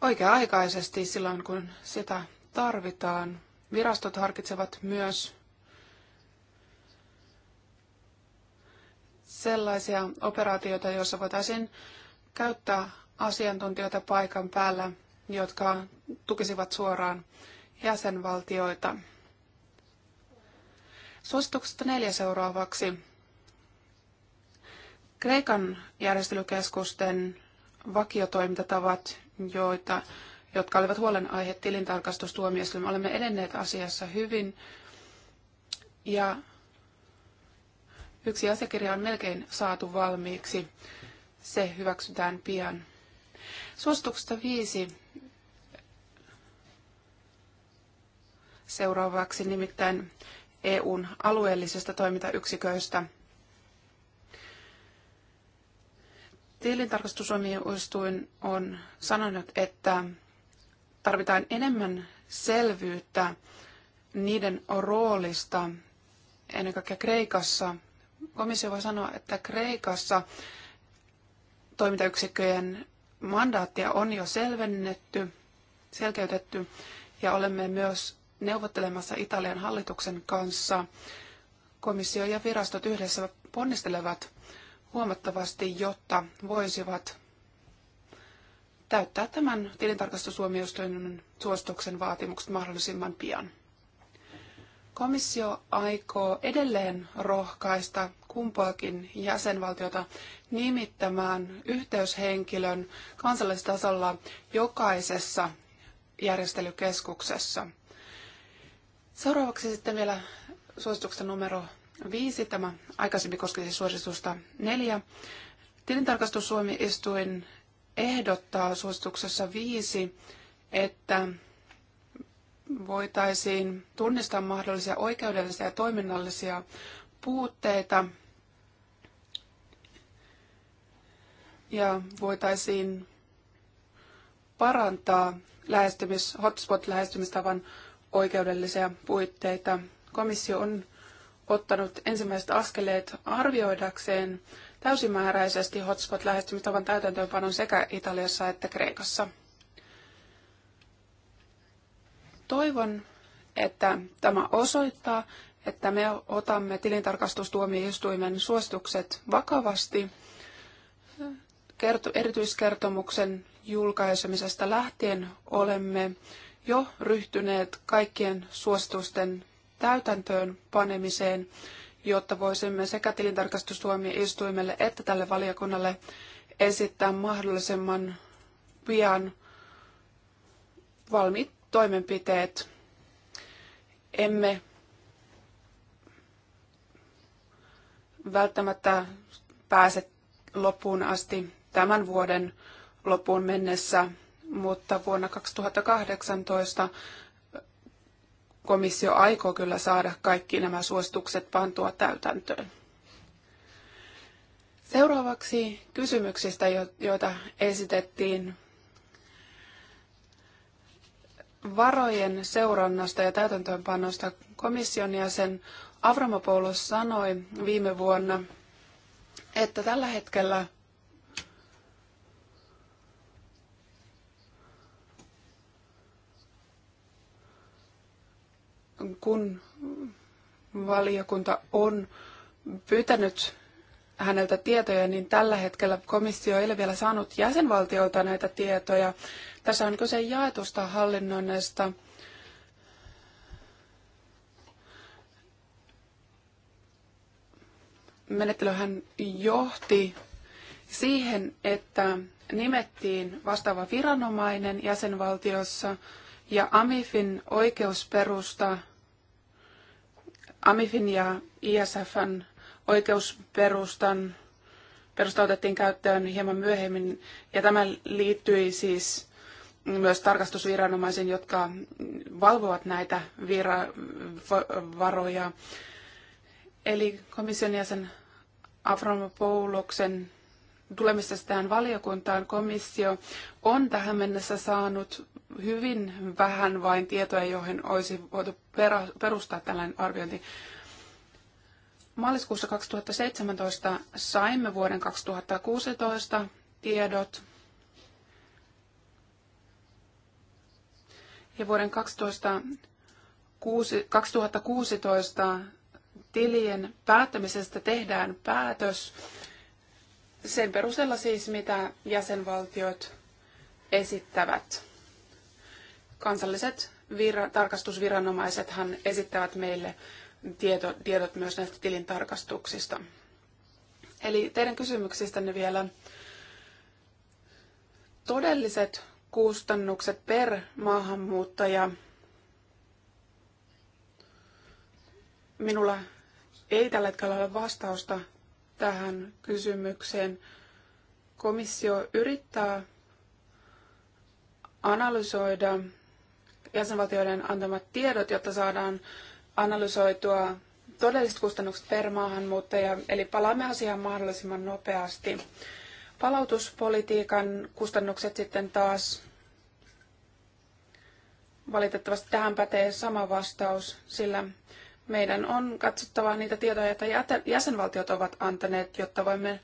oikea-aikaisesti silloin, kun sitä tarvitaan. Virastot harkitsevat myös sellaisia operaatioita, joissa voitaisiin käyttää asiantuntijoita paikan päällä, jotka tukisivat suoraan jäsenvaltioita. Suosituksesta neljä seuraavaksi. Kreikan järjestelykeskusten vakiotoimintatavat, joita, jotka olivat huolenaihe tilintarkastustuomioistuimella. Olemme edenneet asiassa hyvin ja Yksi asiakirja on melkein saatu valmiiksi. Se hyväksytään pian. Suostuksesta viisi seuraavaksi nimittäin EUn alueellisesta toimintayksiköistä. Tilintarkastusomioistuin on sanonut, että tarvitaan enemmän selvyyttä niiden roolista ennen kaikkea Kreikassa komissio voi sanoa, että Kreikassa toimintayksikköjen mandaattia on jo selvennetty, selkeytetty ja olemme myös neuvottelemassa Italian hallituksen kanssa. Komissio ja virastot yhdessä ponnistelevat huomattavasti, jotta voisivat täyttää tämän tilintarkastusuomioistuimen suostuksen vaatimukset mahdollisimman pian. Komissio aikoo edelleen rohkaista kumpaakin jäsenvaltiota nimittämään yhteyshenkilön kansallistasolla jokaisessa järjestelykeskuksessa. Seuraavaksi sitten vielä suosituksesta numero viisi. Tämä aikaisemmin koski siis suositusta neljä. Tilintarkastusuomistuin ehdottaa suosituksessa viisi, että voitaisiin tunnistaa mahdollisia oikeudellisia ja toiminnallisia puutteita ja voitaisiin parantaa lähestymis, hotspot-lähestymistavan oikeudellisia puitteita. Komissio on ottanut ensimmäiset askeleet arvioidakseen täysimääräisesti hotspot-lähestymistavan täytäntöönpanon sekä Italiassa että Kreikassa. Toivon, että tämä osoittaa, että me otamme tilintarkastustuomioistuimen suositukset vakavasti erityiskertomuksen julkaisemisesta lähtien olemme jo ryhtyneet kaikkien suositusten täytäntöön panemiseen, jotta voisimme sekä tilintarkastustuomioistuimelle että tälle valiokunnalle esittää mahdollisimman pian valmiit toimenpiteet. Emme välttämättä pääse loppuun asti tämän vuoden loppuun mennessä, mutta vuonna 2018 komissio aikoo kyllä saada kaikki nämä suositukset pantua täytäntöön. Seuraavaksi kysymyksistä, joita esitettiin varojen seurannasta ja täytäntöönpanosta komission jäsen Avramopoulos sanoi viime vuonna, että tällä hetkellä kun valiokunta on pyytänyt häneltä tietoja, niin tällä hetkellä komissio ei ole vielä saanut jäsenvaltioilta näitä tietoja. Tässä on niin kyse jaetusta hallinnoinnista. Menettelyhän johti siihen, että nimettiin vastaava viranomainen jäsenvaltiossa ja AMIFin oikeusperusta, AMIFin ja ISFn oikeusperustan perusta otettiin käyttöön hieman myöhemmin, ja tämä liittyi siis myös tarkastusviranomaisiin, jotka valvovat näitä vira- varoja. Eli komission jäsen Afromopouloksen tulemista tähän valiokuntaan komissio on tähän mennessä saanut hyvin vähän vain tietoja, joihin olisi voitu perustaa tällainen arviointi. Maaliskuussa 2017 saimme vuoden 2016 tiedot ja vuoden 2016 tilien päättämisestä tehdään päätös sen perusteella siis, mitä jäsenvaltiot esittävät. Kansalliset tarkastusviranomaisethan esittävät meille tieto, tiedot myös näistä tilintarkastuksista. Eli teidän kysymyksistänne vielä todelliset kustannukset per maahanmuuttaja. Minulla ei tällä hetkellä ole vastausta tähän kysymykseen. Komissio yrittää analysoida jäsenvaltioiden antamat tiedot, jotta saadaan analysoitua todelliset kustannukset per maahanmuuttaja, eli palaamme asiaan mahdollisimman nopeasti. Palautuspolitiikan kustannukset sitten taas, valitettavasti tähän pätee sama vastaus, sillä meidän on katsottava niitä tietoja, joita jäsenvaltiot ovat antaneet, jotta voimme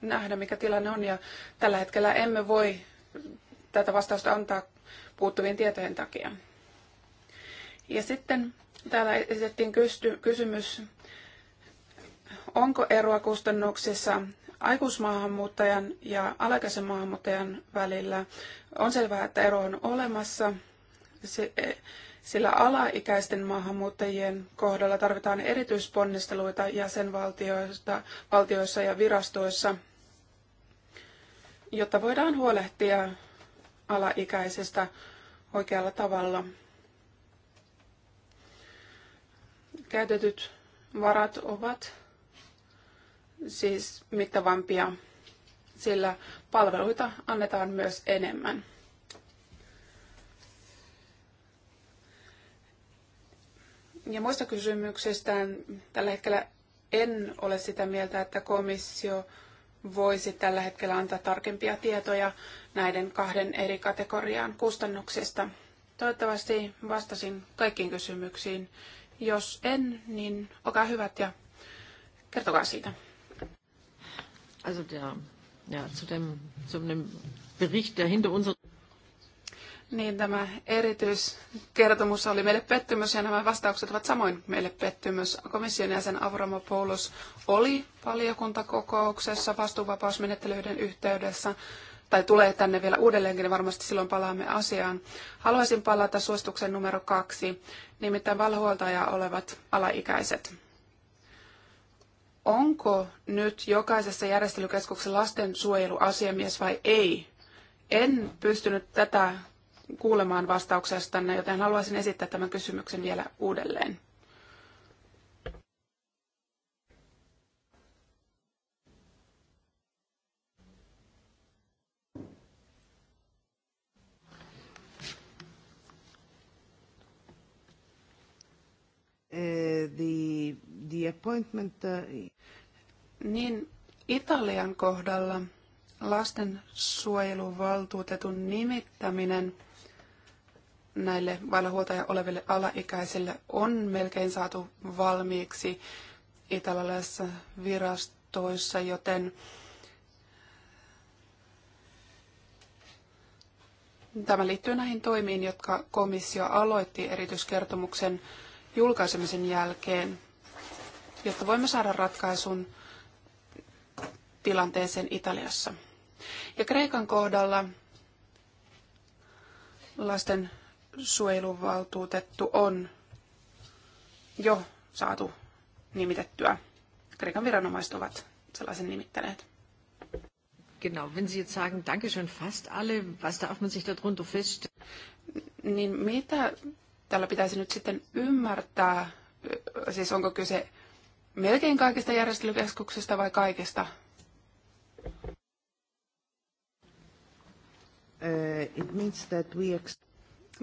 nähdä, mikä tilanne on. Ja tällä hetkellä emme voi tätä vastausta antaa puuttuvien tietojen takia. Ja sitten täällä esitettiin kysty, kysymys, onko eroa kustannuksissa aikuismaahanmuuttajan ja alaikäisen maahanmuuttajan välillä. On selvää, että ero on olemassa, e, sillä alaikäisten maahanmuuttajien kohdalla tarvitaan erityisponnisteluita jäsenvaltioissa ja virastoissa, jotta voidaan huolehtia alaikäisestä oikealla tavalla. käytetyt varat ovat siis mittavampia, sillä palveluita annetaan myös enemmän. Ja muista kysymyksistä tällä hetkellä en ole sitä mieltä, että komissio voisi tällä hetkellä antaa tarkempia tietoja näiden kahden eri kategorian kustannuksista. Toivottavasti vastasin kaikkiin kysymyksiin. Jos en, niin olkaa hyvät ja kertokaa siitä. Also der, ja, zu dem, zu dem Bericht, der hinter unser... Niin tämä erityiskertomus oli meille pettymys ja nämä vastaukset ovat samoin meille pettymys. Komission jäsen Avramopoulos oli valiokuntakokouksessa vastuuvapausmenettelyiden yhteydessä tai tulee tänne vielä uudelleenkin, niin varmasti silloin palaamme asiaan. Haluaisin palata suostuksen numero kaksi, nimittäin valhuoltaja olevat alaikäiset. Onko nyt jokaisessa järjestelykeskuksessa lastensuojeluasiamies vai ei? En pystynyt tätä kuulemaan vastauksestanne, joten haluaisin esittää tämän kysymyksen vielä uudelleen. appointment. Äh, niin Italian kohdalla lastensuojeluvaltuutetun nimittäminen näille vailla huoltaja oleville alaikäisille on melkein saatu valmiiksi italialaisissa virastoissa, joten Tämä liittyy näihin toimiin, jotka komissio aloitti erityiskertomuksen julkaisemisen jälkeen jotta voimme saada ratkaisun tilanteeseen Italiassa. Ja Kreikan kohdalla lasten suojeluvaltuutettu on jo saatu nimitettyä. Kreikan viranomaiset ovat sellaisen nimittäneet. Genau, wenn Sie jetzt sagen, Dankeschön fast alle, was darf man sich darunter feststellen? Niin mitä tällä pitäisi nyt sitten ymmärtää? Siis onko kyse melkein kaikista järjestelykeskuksista vai kaikista? Uh,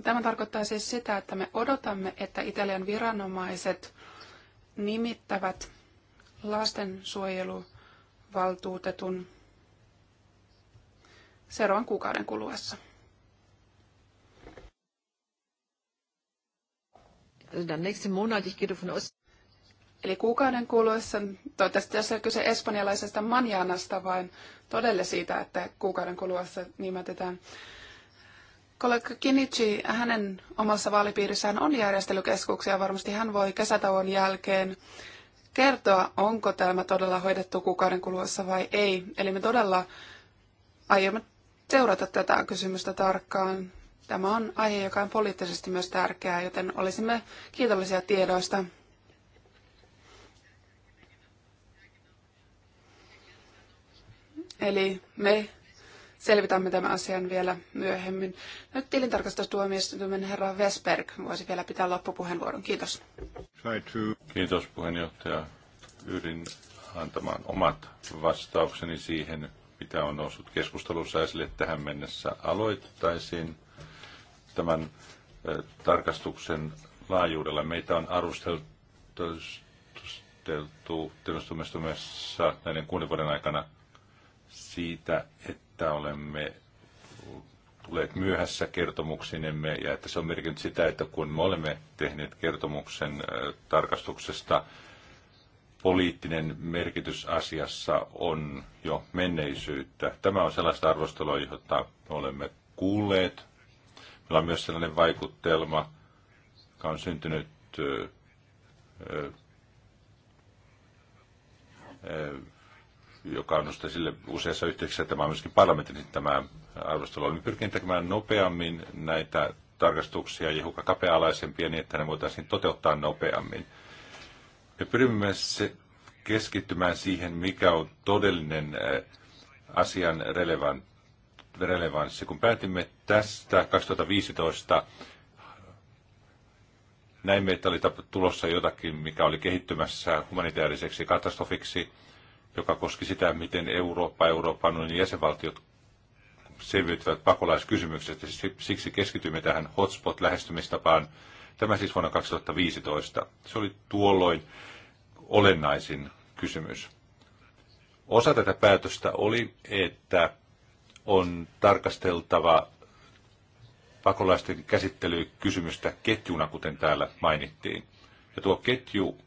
Tämä tarkoittaa siis sitä, että me odotamme, että Italian viranomaiset nimittävät lastensuojeluvaltuutetun seuraavan kuukauden kuluessa. Dann nächsten Monat, ich gehe davon aus. Eli kuukauden kuluessa, toivottavasti tässä on kyse espanjalaisesta manjanasta, vaan todelle siitä, että kuukauden kuluessa nimetetään. Kollega Kinichi, hänen omassa vaalipiirissään on järjestelykeskuksia, varmasti hän voi kesätauon jälkeen kertoa, onko tämä todella hoidettu kuukauden kuluessa vai ei. Eli me todella aiomme seurata tätä kysymystä tarkkaan. Tämä on aihe, joka on poliittisesti myös tärkeää, joten olisimme kiitollisia tiedoista. Eli me selvitämme tämän asian vielä myöhemmin. Nyt tilintarkastustuomioistuimen herra Vesberg voisi vielä pitää loppupuheenvuoron. Kiitos. Kiitos puheenjohtaja. Yhdyn antamaan omat vastaukseni siihen, mitä on noussut keskustelussa esille tähän mennessä. Aloittaisin tämän tarkastuksen laajuudella. Meitä on arvosteltu tuomioistuimessa näiden kuuden vuoden aikana siitä, että olemme tulleet myöhässä kertomuksinemme ja että se on merkinnyt sitä, että kun me olemme tehneet kertomuksen tarkastuksesta, poliittinen merkitys asiassa on jo menneisyyttä. Tämä on sellaista arvostelua, jota me olemme kuulleet. Meillä on myös sellainen vaikutelma, joka on syntynyt joka on nostettu sille useassa yhteyksissä, tämä on myöskin parlamentin tämä arvostelu. Olemme pyrkineet tekemään nopeammin näitä tarkastuksia ja hiukan kapea-alaisempia niin, että ne voitaisiin toteuttaa nopeammin. Me pyrimme se keskittymään siihen, mikä on todellinen eh, asian relevanssi. Kun päätimme tästä 2015, näimme, että oli tulossa jotakin, mikä oli kehittymässä humanitaariseksi katastrofiksi, joka koski sitä, miten Eurooppa, Euroopan unionin jäsenvaltiot selviytyvät pakolaiskysymyksestä. Siis siksi keskitymme tähän hotspot-lähestymistapaan. Tämä siis vuonna 2015. Se oli tuolloin olennaisin kysymys. Osa tätä päätöstä oli, että on tarkasteltava pakolaisten käsittelykysymystä ketjuna, kuten täällä mainittiin. Ja tuo ketju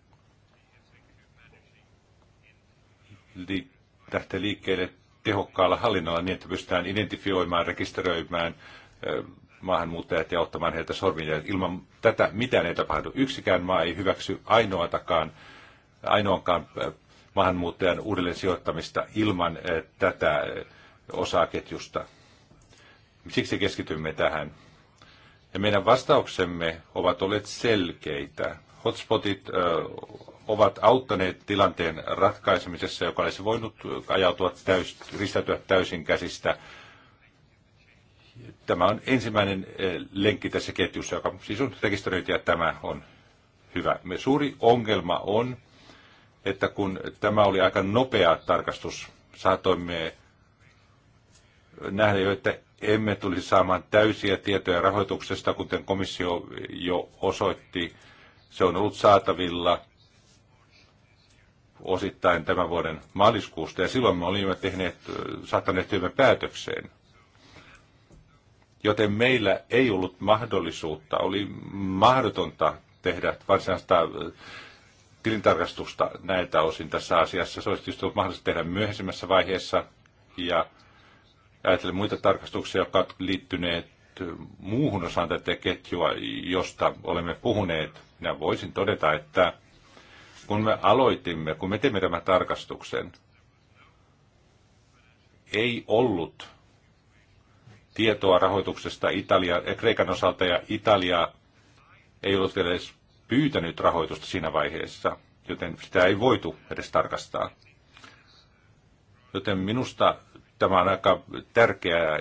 li- lähtee liikkeelle tehokkaalla hallinnolla niin, että pystytään identifioimaan, rekisteröimään maahanmuuttajat ja ottamaan heiltä sorminjäljet. Ilman tätä mitään ei tapahdu. Yksikään maa ei hyväksy ainoatakaan, ainoankaan maahanmuuttajan uudelleen sijoittamista ilman tätä osaketjusta. Siksi keskitymme tähän. Ja meidän vastauksemme ovat olleet selkeitä. Hotspotit ovat auttaneet tilanteen ratkaisemisessa, joka olisi voinut ajautua täys, ristäytyä täysin käsistä. Tämä on ensimmäinen eh, lenkki tässä ketjussa, joka siis on rekisteröity ja tämä on hyvä. Me suuri ongelma on, että kun tämä oli aika nopea tarkastus, saatoimme nähdä jo, että emme tulisi saamaan täysiä tietoja rahoituksesta, kuten komissio jo osoitti. Se on ollut saatavilla osittain tämän vuoden maaliskuusta, ja silloin me olimme tehneet, saattaneet työmme päätökseen. Joten meillä ei ollut mahdollisuutta, oli mahdotonta tehdä varsinaista tilintarkastusta näiltä osin tässä asiassa. Se olisi tietysti ollut mahdollista tehdä myöhemmässä vaiheessa, ja ajatellen muita tarkastuksia, jotka ovat liittyneet muuhun osaan tätä ketjua, josta olemme puhuneet, minä voisin todeta, että kun me aloitimme, kun me teimme tämän tarkastuksen, ei ollut tietoa rahoituksesta Italia, Kreikan osalta ja Italia ei ollut vielä edes pyytänyt rahoitusta siinä vaiheessa, joten sitä ei voitu edes tarkastaa. Joten minusta tämä on aika tärkeää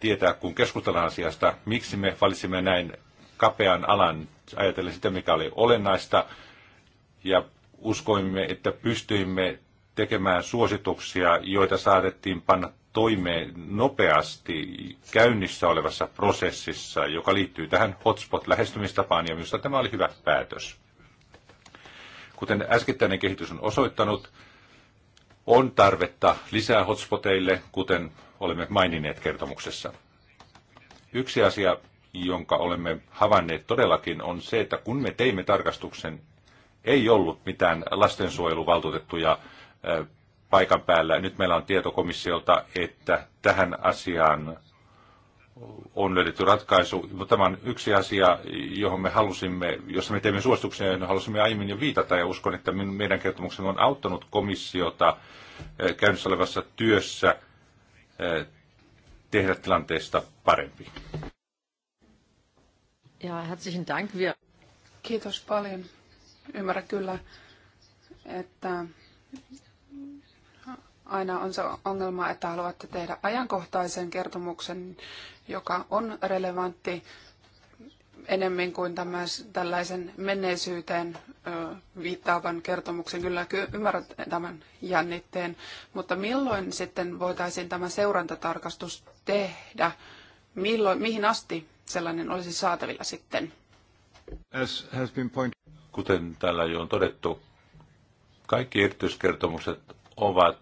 tietää, kun keskustellaan asiasta, miksi me valitsimme näin kapean alan ajatellen sitä, mikä oli olennaista, ja uskoimme, että pystyimme tekemään suosituksia, joita saatettiin panna toimeen nopeasti käynnissä olevassa prosessissa, joka liittyy tähän hotspot-lähestymistapaan, ja minusta tämä oli hyvä päätös. Kuten äskettäinen kehitys on osoittanut, on tarvetta lisää hotspoteille, kuten olemme maininneet kertomuksessa. Yksi asia, jonka olemme havainneet todellakin, on se, että kun me teimme tarkastuksen ei ollut mitään lastensuojeluvaltuutettuja paikan päällä. Nyt meillä on tieto komissiolta, että tähän asiaan on löydetty ratkaisu. Mutta tämä on yksi asia, johon me halusimme, jossa me teimme suosituksia, johon halusimme aiemmin jo viitata, ja uskon, että meidän kertomuksemme on auttanut komissiota käynnissä olevassa työssä tehdä tilanteesta parempi. Ja, herzlichen Dank. Kiitos paljon. Ymmärrän kyllä, että aina on se ongelma, että haluatte tehdä ajankohtaisen kertomuksen, joka on relevantti enemmän kuin tällaisen menneisyyteen viittaavan kertomuksen. Kyllä ymmärrät tämän jännitteen, mutta milloin sitten voitaisiin tämä seurantatarkastus tehdä? Milloin, mihin asti sellainen olisi saatavilla sitten? As has been pointed... Kuten täällä jo on todettu, kaikki erityiskertomukset ovat,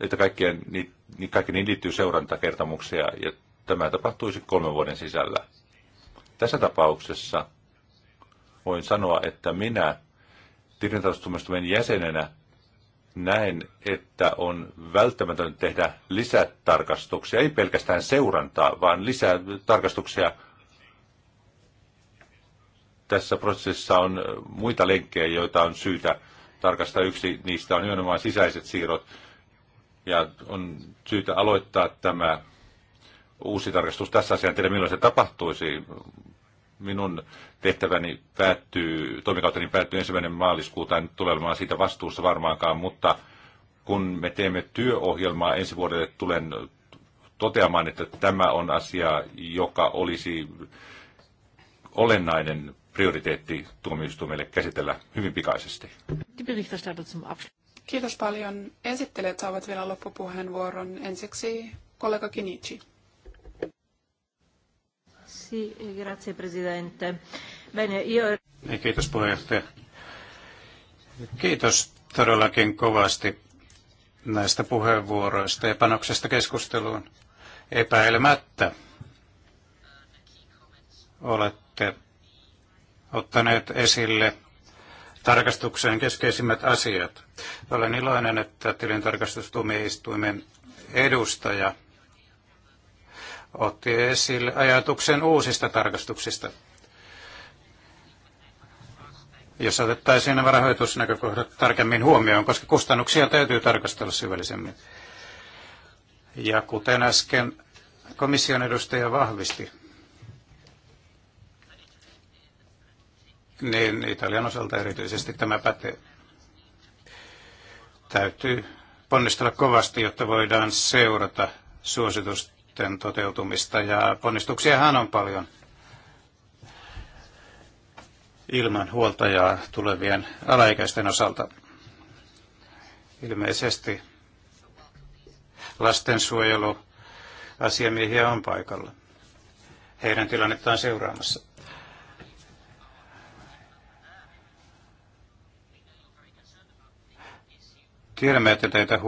että kaikkien, niin kaikki niin liittyy seurantakertomuksia, ja tämä tapahtuisi kolmen vuoden sisällä. Tässä tapauksessa voin sanoa, että minä tilintarkastustuomioistuimen jäsenenä näen, että on välttämätöntä tehdä lisätarkastuksia, ei pelkästään seurantaa, vaan lisätarkastuksia. tarkastuksia tässä prosessissa on muita lenkkejä, joita on syytä tarkastaa. Yksi niistä on nimenomaan sisäiset siirrot. Ja on syytä aloittaa tämä uusi tarkastus tässä asiassa. En tiedä, milloin se tapahtuisi. Minun tehtäväni päättyy, toimikauteni päättyy ensimmäinen maaliskuuta. En tule olemaan siitä vastuussa varmaankaan, mutta kun me teemme työohjelmaa ensi vuodelle, tulen toteamaan, että tämä on asia, joka olisi olennainen prioriteetti tuomioistuimelle käsitellä hyvin pikaisesti. Kiitos paljon. Esittelijät saavat vielä loppupuheenvuoron. Ensiksi kollega Kinichi. Si, grazie presidente. Bene, io... Niin, kiitos puheenjohtaja. Kiitos todellakin kovasti näistä puheenvuoroista ja panoksesta keskusteluun. Epäilemättä olette ottaneet esille tarkastuksen keskeisimmät asiat. Olen iloinen, että tilintarkastustuomioistuimen edustaja otti esille ajatuksen uusista tarkastuksista, jos otettaisiin nämä rahoitusnäkökohdat tarkemmin huomioon, koska kustannuksia täytyy tarkastella syvällisemmin. Ja kuten äsken komission edustaja vahvisti, niin Italian osalta erityisesti tämä pätee. Täytyy ponnistella kovasti, jotta voidaan seurata suositusten toteutumista, ja ponnistuksiahan on paljon ilman huoltajaa tulevien alaikäisten osalta. Ilmeisesti lastensuojelu asiamiehiä on paikalla. Heidän tilannettaan seuraamassa. Tiedämme, että teitä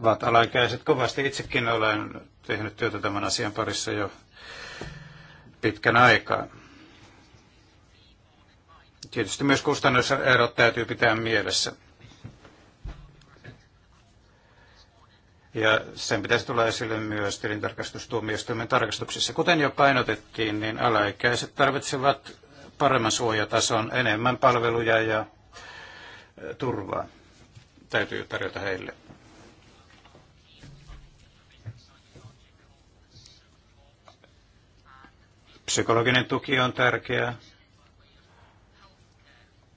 ovat alaikäiset kovasti. Itsekin olen tehnyt työtä tämän asian parissa jo pitkän aikaa. Tietysti myös kustannuserot täytyy pitää mielessä. Ja sen pitäisi tulla esille myös tilintarkastustuomioistuimen tarkastuksissa. Kuten jo painotettiin, niin alaikäiset tarvitsevat paremman suojatason, enemmän palveluja ja turvaa täytyy tarjota heille. Psykologinen tuki on tärkeää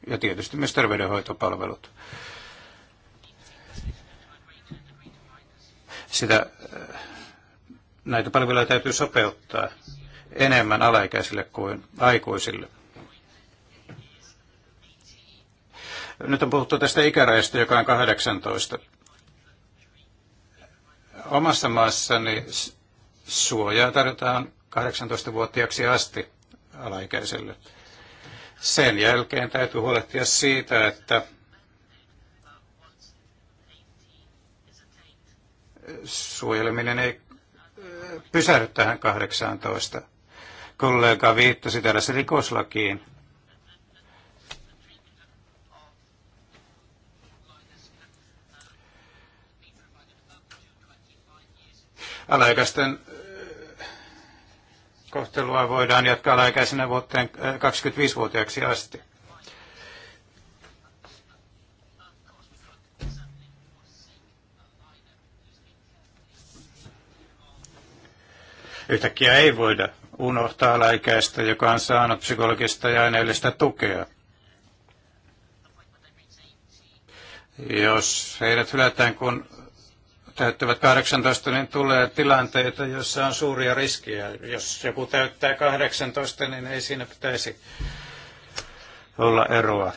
ja tietysti myös terveydenhoitopalvelut. Sitä, näitä palveluja täytyy sopeuttaa enemmän alaikäisille kuin aikuisille. Nyt on puhuttu tästä ikärajasta, joka on 18. Omassa maassani suojaa tarjotaan 18-vuotiaaksi asti alaikäiselle. Sen jälkeen täytyy huolehtia siitä, että suojeleminen ei äh, pysähdy tähän 18. Kollega viittasi tällaisen rikoslakiin, Alaikäisten eh, kohtelua voidaan jatkaa alaikäisenä vuoteen 25-vuotiaaksi eh, asti. Yhtäkkiä ei voida unohtaa alaikäistä, joka on saanut psykologista ja aineellista tukea. Jos heidät hylätään, kun täyttävät 18, niin tulee tilanteita, joissa on suuria riskejä. Jos joku täyttää 18, niin ei siinä pitäisi olla eroa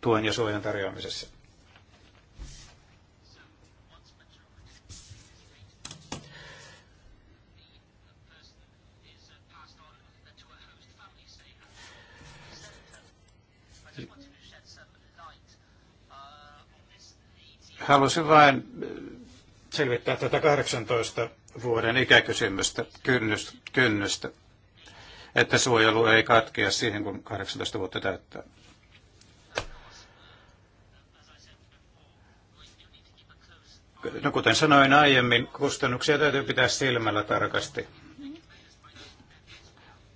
tuen ja suojan tarjoamisessa. Halusin vain äh, selvittää tätä 18 vuoden ikäkysymystä, kynnystä, kynnystä että suojelu ei katkea siihen, kun 18 vuotta täyttää. No kuten sanoin aiemmin, kustannuksia täytyy pitää silmällä tarkasti,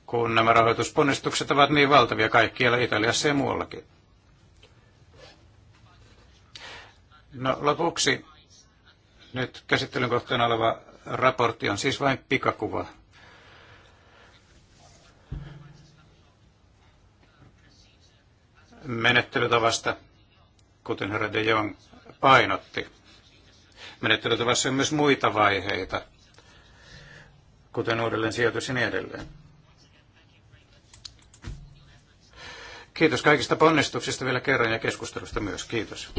kun nämä rahoitusponnistukset ovat niin valtavia kaikkialla Italiassa ja muuallakin. No lopuksi nyt käsittelyn kohteena oleva raportti on siis vain pikakuva. menettelytavasta, kuten herra de Jong painotti. Menettelytavassa on myös muita vaiheita, kuten uudelleen sijoitus ja niin edelleen. Kiitos kaikista ponnistuksista vielä kerran ja keskustelusta myös. Kiitos.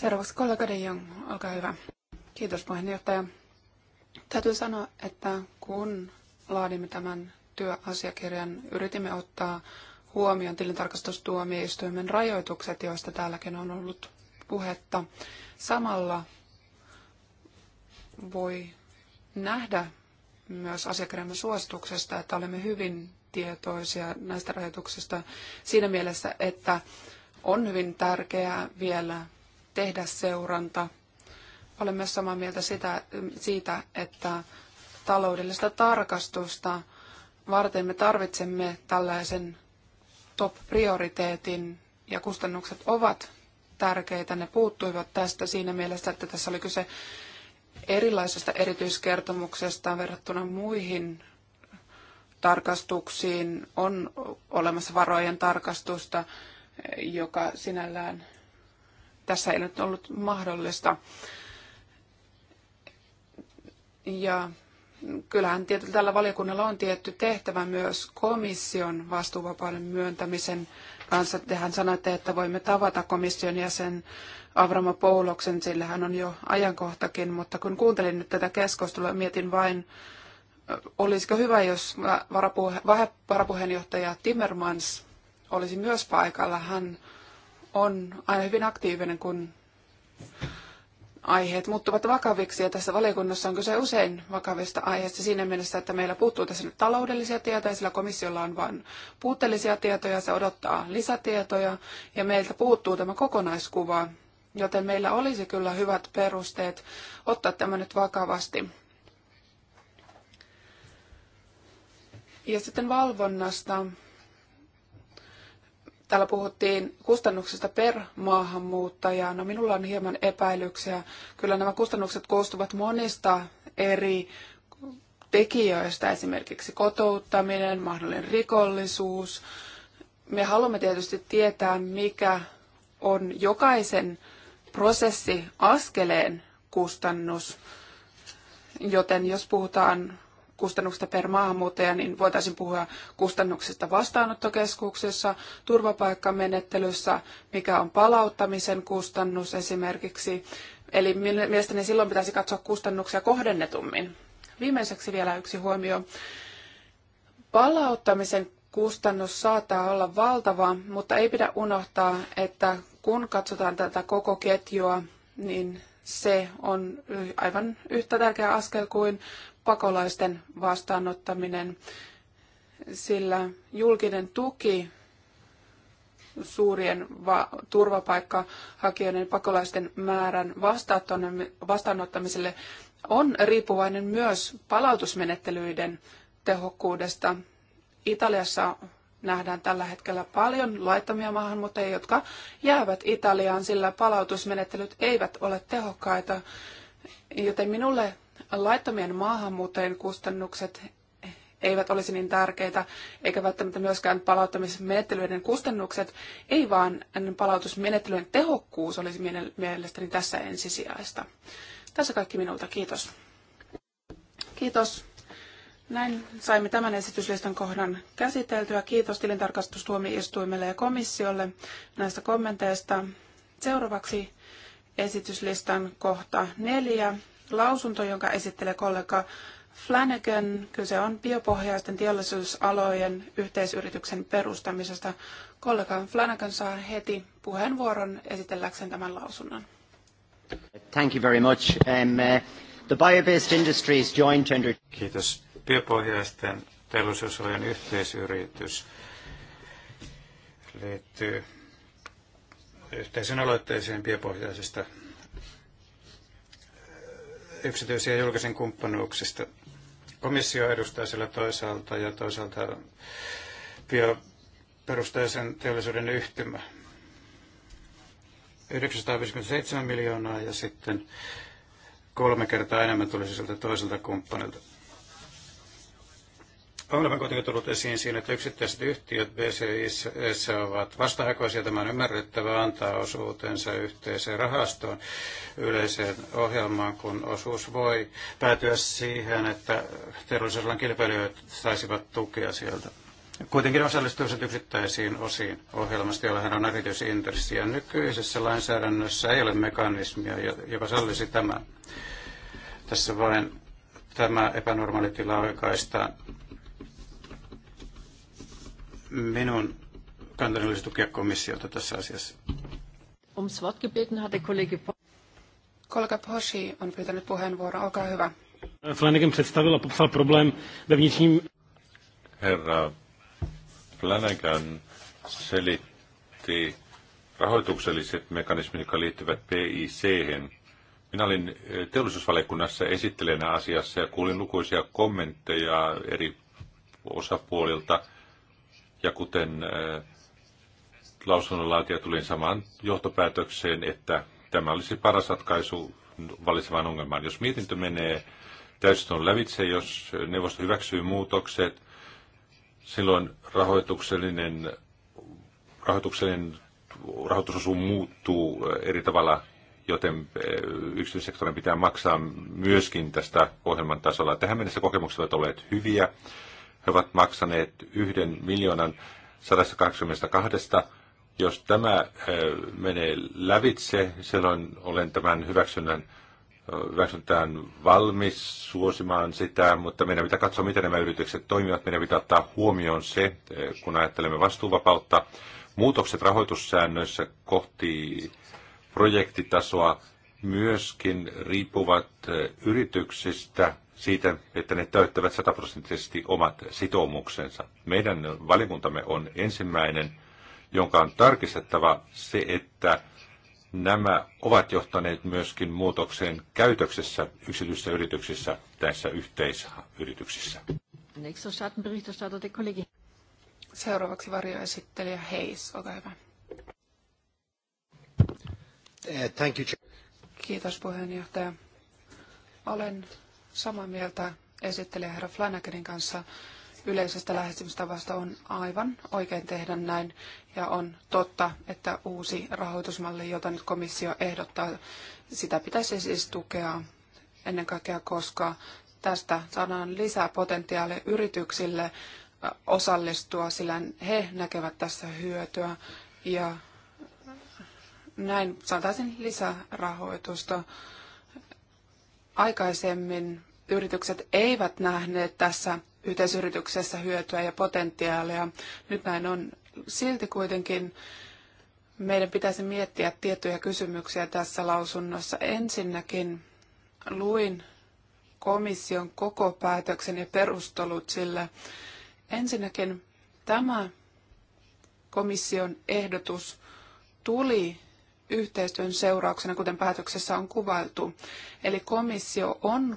Seuraavaksi kollega De Jong, olkaa hyvä. Kiitos puheenjohtaja. Täytyy sanoa, että kun laadimme tämän työasiakirjan, yritimme ottaa huomioon tilintarkastustuomioistuimen rajoitukset, joista täälläkin on ollut puhetta. Samalla voi nähdä myös asiakirjamme suosituksesta, että olemme hyvin tietoisia näistä rajoituksista siinä mielessä, että on hyvin tärkeää vielä tehdä seuranta. Olen myös samaa mieltä sitä, siitä, että taloudellista tarkastusta varten me tarvitsemme tällaisen top-prioriteetin ja kustannukset ovat tärkeitä. Ne puuttuivat tästä siinä mielessä, että tässä oli kyse erilaisesta erityiskertomuksesta verrattuna muihin tarkastuksiin. On olemassa varojen tarkastusta, joka sinällään tässä ei nyt ollut mahdollista. Ja kyllähän tietyllä tällä valiokunnalla on tietty tehtävä myös komission vastuuvapauden myöntämisen kanssa. Tehän sanoitte, että voimme tavata komission jäsen Avramo Pouloksen, sillä hän on jo ajankohtakin, mutta kun kuuntelin nyt tätä keskustelua, mietin vain, olisiko hyvä, jos varapuhe, varapuheenjohtaja Timmermans olisi myös paikalla. Hän on aina hyvin aktiivinen, kun aiheet muuttuvat vakaviksi ja tässä valiokunnassa on kyse usein vakavista aiheista siinä mielessä, että meillä puuttuu tässä nyt taloudellisia tietoja, sillä komissiolla on vain puutteellisia tietoja, se odottaa lisätietoja ja meiltä puuttuu tämä kokonaiskuva, joten meillä olisi kyllä hyvät perusteet ottaa tämä nyt vakavasti. Ja sitten valvonnasta. Täällä puhuttiin kustannuksista per maahanmuuttaja. No minulla on hieman epäilyksiä. Kyllä nämä kustannukset koostuvat monista eri tekijöistä, esimerkiksi kotouttaminen, mahdollinen rikollisuus. Me haluamme tietysti tietää, mikä on jokaisen prosessi askeleen kustannus. Joten jos puhutaan kustannuksista per maahanmuuttaja, niin voitaisiin puhua kustannuksista vastaanottokeskuksessa, turvapaikkamenettelyssä, mikä on palauttamisen kustannus esimerkiksi. Eli mielestäni silloin pitäisi katsoa kustannuksia kohdennetummin. Viimeiseksi vielä yksi huomio. Palauttamisen kustannus saattaa olla valtava, mutta ei pidä unohtaa, että kun katsotaan tätä koko ketjua, niin se on aivan yhtä tärkeä askel kuin pakolaisten vastaanottaminen, sillä julkinen tuki suurien va- turvapaikkahakijoiden pakolaisten määrän vastaanottamiselle on riippuvainen myös palautusmenettelyiden tehokkuudesta. Italiassa nähdään tällä hetkellä paljon laittomia maahanmuuttajia, jotka jäävät Italiaan, sillä palautusmenettelyt eivät ole tehokkaita. Joten minulle Laittomien maahanmuuttajien kustannukset eivät olisi niin tärkeitä, eikä välttämättä myöskään palauttamismenettelyiden kustannukset, ei vaan palautusmenettelyjen tehokkuus olisi mielestäni tässä ensisijaista. Tässä kaikki minulta. Kiitos. Kiitos. Näin saimme tämän esityslistan kohdan käsiteltyä. Kiitos tilintarkastustuomioistuimelle ja komissiolle näistä kommenteista. Seuraavaksi esityslistan kohta neljä, lausunto, jonka esittelee kollega Flanagan. Kyse on biopohjaisten teollisuusalojen yhteisyrityksen perustamisesta. Kollega Flanagan saa heti puheenvuoron esitelläkseen tämän lausunnon. Thank you very much. Um, uh, the bio-based industries joint under... Kiitos. Biopohjaisten teollisuusalojen yhteisyritys liittyy yhteisen aloitteeseen biopohjaisista yksityisen ja julkisen kumppanuuksista. Komissio edustaa siellä toisaalta ja toisaalta bioperusteisen teollisuuden yhtymä. 957 miljoonaa ja sitten kolme kertaa enemmän tulisi siltä toiselta kumppanilta. Ongelma on tullut esiin siinä, että yksittäiset yhtiöt BCIssä ovat vastahakoisia. Tämä on ymmärrettävä antaa osuutensa yhteiseen rahastoon yleiseen ohjelmaan, kun osuus voi päätyä siihen, että teollisuusalan kilpailijat saisivat tukea sieltä. Kuitenkin osallistuiset yksittäisiin osiin ohjelmasta, jolla hän on erityisintressi. Ja nykyisessä lainsäädännössä ei ole mekanismia, joka sallisi tämän. Tässä vain tämä epänormaali tila oikeastaan Minun kantani olisi tukea komissiota tässä asiassa. Ums Wort gebeten hatte Kollege Kollega Poshi on pyytänyt puheenvuoron. Olkaa hyvä. Flanagan Herra Flanagan selitti rahoitukselliset mekanismit, jotka liittyvät pic -hen. Minä olin eh, teollisuusvaliokunnassa esittelijänä asiassa ja kuulin lukuisia kommentteja eri osapuolilta – ja kuten äh, lausunnonlaatija tuli samaan johtopäätökseen, että tämä olisi paras ratkaisu valitsevaan ongelmaan. Jos mietintö menee täysin lävitse, jos neuvosto hyväksyy muutokset, silloin rahoituksellinen, rahoituksellinen rahoitusosu muuttuu äh, eri tavalla, joten äh, yksityissektorin pitää maksaa myöskin tästä ohjelman tasolla. Tähän mennessä kokemukset ovat olleet hyviä. He ovat maksaneet yhden miljoonan 182. Jos tämä äh, menee lävitse, silloin olen tämän hyväksynnän äh, hyväksytään valmis suosimaan sitä, mutta meidän pitää katsoa, miten nämä yritykset toimivat. Meidän pitää ottaa huomioon se, äh, kun ajattelemme vastuuvapautta, muutokset rahoitussäännöissä kohti projektitasoa myöskin riippuvat yrityksistä siitä, että ne täyttävät sataprosenttisesti omat sitoumuksensa. Meidän valikuntamme on ensimmäinen, jonka on tarkistettava se, että nämä ovat johtaneet myöskin muutokseen käytöksessä yksityisissä yrityksissä, tässä yhteisyrityksissä. Seuraavaksi varjoesittelijä Heis, olkaa hyvä. Eh, thank you. Kiitos puheenjohtaja. Olen samaa mieltä esittelijä herra Flanaganin kanssa yleisestä lähestymistavasta on aivan oikein tehdä näin. Ja on totta, että uusi rahoitusmalli, jota nyt komissio ehdottaa, sitä pitäisi siis tukea ennen kaikkea, koska tästä saadaan lisää potentiaalia yrityksille osallistua, sillä he näkevät tässä hyötyä ja näin saataisiin lisää rahoitusta Aikaisemmin yritykset eivät nähneet tässä yhteisyrityksessä hyötyä ja potentiaalia. Nyt näin on silti kuitenkin. Meidän pitäisi miettiä tiettyjä kysymyksiä tässä lausunnossa. Ensinnäkin luin komission koko päätöksen ja perustelut sille. Ensinnäkin tämä komission ehdotus tuli yhteistyön seurauksena, kuten päätöksessä on kuvailtu. Eli komissio on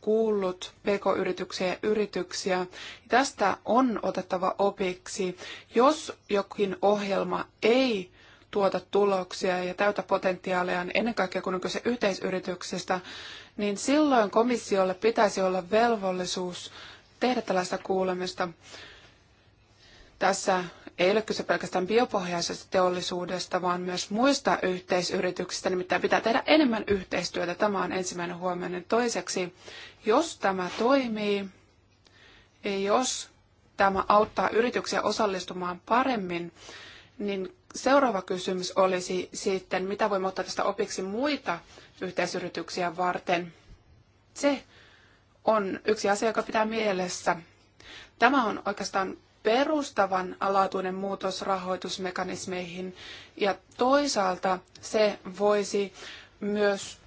kuullut pk-yrityksiä ja yrityksiä. Tästä on otettava opiksi, jos jokin ohjelma ei tuota tuloksia ja täytä potentiaaliaan, ennen kaikkea kun on kyse yhteisyrityksestä, niin silloin komissiolle pitäisi olla velvollisuus tehdä tällaista kuulemista. Tässä ei ole kyse pelkästään biopohjaisesta teollisuudesta, vaan myös muista yhteisyrityksistä, nimittäin pitää tehdä enemmän yhteistyötä. Tämä on ensimmäinen huomio. Toiseksi, jos tämä toimii, jos tämä auttaa yrityksiä osallistumaan paremmin, niin seuraava kysymys olisi sitten, mitä voimme ottaa tästä opiksi muita yhteisyrityksiä varten. Se on yksi asia, joka pitää mielessä. Tämä on oikeastaan perustavan alatuinen muutos rahoitusmekanismeihin ja toisaalta se voisi myös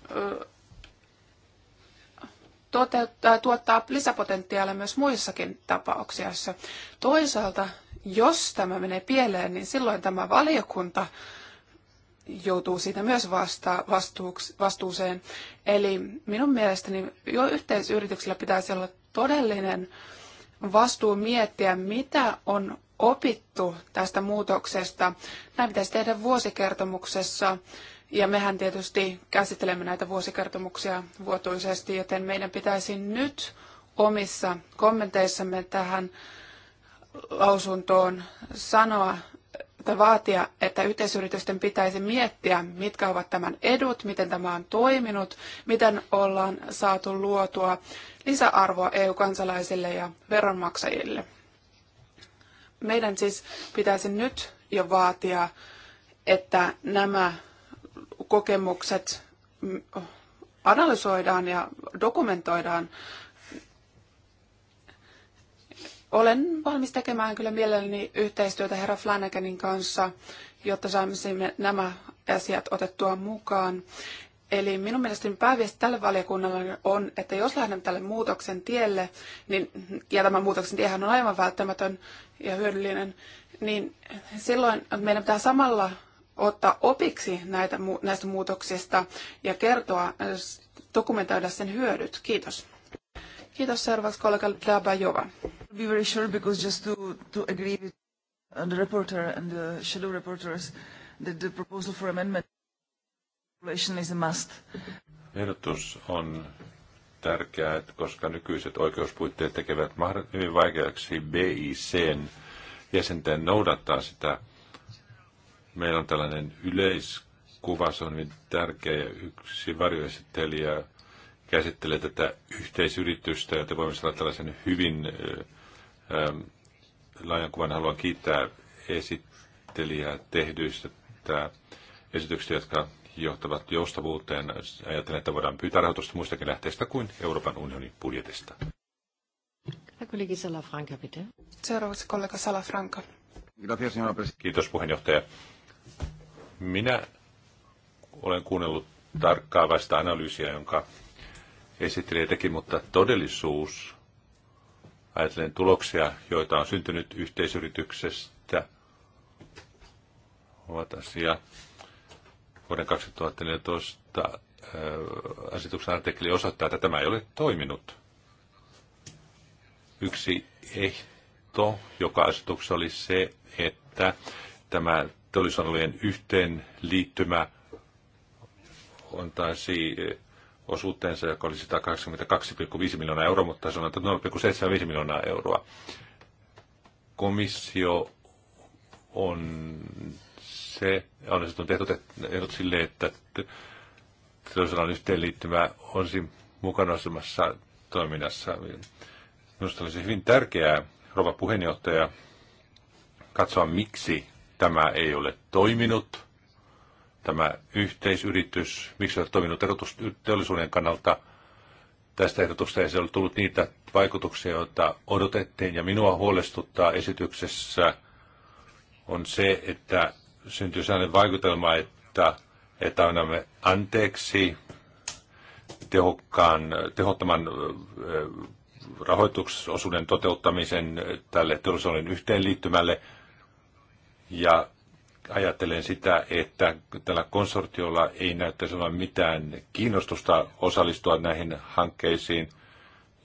toteuttaa, tuottaa lisäpotentiaalia myös muissakin tapauksissa. Toisaalta, jos tämä menee pieleen, niin silloin tämä valiokunta joutuu siitä myös vasta, vastuuseen. Eli minun mielestäni jo yhteisyrityksillä pitäisi olla todellinen vastuu miettiä, mitä on opittu tästä muutoksesta. Näin pitäisi tehdä vuosikertomuksessa. Ja mehän tietysti käsittelemme näitä vuosikertomuksia vuotuisesti, joten meidän pitäisi nyt omissa kommenteissamme tähän lausuntoon sanoa vaatia, että yhteisyritysten pitäisi miettiä, mitkä ovat tämän edut, miten tämä on toiminut, miten ollaan saatu luotua lisäarvoa EU-kansalaisille ja veronmaksajille. Meidän siis pitäisi nyt jo vaatia, että nämä kokemukset analysoidaan ja dokumentoidaan olen valmis tekemään kyllä mielelläni yhteistyötä herra Flanaganin kanssa, jotta saamme nämä asiat otettua mukaan. Eli minun mielestäni pääviesti tälle valiokunnalle on, että jos lähdemme tälle muutoksen tielle, niin, ja tämä muutoksen tiehän on aivan välttämätön ja hyödyllinen, niin silloin meidän pitää samalla ottaa opiksi näitä, näistä muutoksista ja kertoa, dokumentoida sen hyödyt. Kiitos. Kiitos seuraavaksi kollega Labajova. Be very sure because just to, to agree with uh, the reporter and the shadow reporters that the proposal for amendment is a must. Ehdotus on tärkeää, koska nykyiset oikeuspuitteet tekevät hyvin vaikeaksi BICn jäsenten noudattaa sitä. Meillä on tällainen yleiskuva, se on hyvin tärkeä ja yksi varjoesittelijä käsittelee tätä yhteisyritystä, joten voimme saada tällaisen hyvin laajan kuvan. Haluan kiittää esittelijää tehdyistä esityksistä, jotka johtavat joustavuuteen. Ajattelen, että voidaan pyytää rahoitusta muistakin lähteistä kuin Euroopan unionin budjetista. Seuraavaksi kollega Salafranca. Kiitos puheenjohtaja. Minä olen kuunnellut tarkkaavaista analyysiä, jonka esittelijä mutta todellisuus, ajatellen tuloksia, joita on syntynyt yhteisyrityksestä, ovat asia vuoden 2014 äh, asetuksen artikkeli osoittaa, että tämä ei ole toiminut. Yksi ehto, joka asetuksessa oli se, että tämä teollisuusalueen yhteenliittymä antaisi osuutensa, joka oli 122,5 miljoonaa euroa, mutta se on 0,75 miljoonaa euroa. Komissio on se, on sitten tehty ehdot sille, että teollisuusalan yhteenliittymä siinä mukana osumassa toiminnassa. Minusta olisi hyvin tärkeää, rouva puheenjohtaja, katsoa miksi tämä ei ole toiminut – tämä yhteisyritys, miksi se on toiminut teollisuuden kannalta. Tästä ehdotuksesta ei se ole tullut niitä vaikutuksia, joita odotettiin, ja minua huolestuttaa esityksessä on se, että syntyy sellainen vaikutelma, että, että annamme anteeksi tehokkaan, tehottoman rahoituksosuuden toteuttamisen tälle teollisuuden yhteenliittymälle, ja ajattelen sitä, että tällä konsortiolla ei näyttäisi olevan mitään kiinnostusta osallistua näihin hankkeisiin,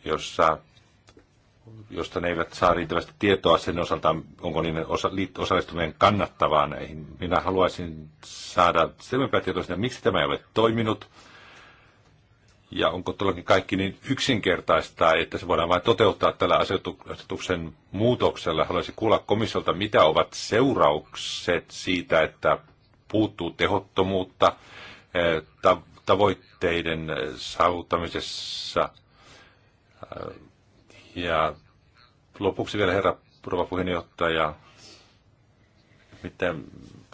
jossa, josta ne eivät saa riittävästi tietoa sen osalta, onko niiden osa, osallistuminen kannattavaa näihin. Minä haluaisin saada selvempää tietoa siitä, miksi tämä ei ole toiminut ja onko todellakin kaikki niin yksinkertaista, että se voidaan vain toteuttaa tällä asetuksen muutoksella? Haluaisin kuulla komissiolta, mitä ovat seuraukset siitä, että puuttuu tehottomuutta eh, tavoitteiden saavuttamisessa. Eh, ja lopuksi vielä herra rouva puheenjohtaja, miten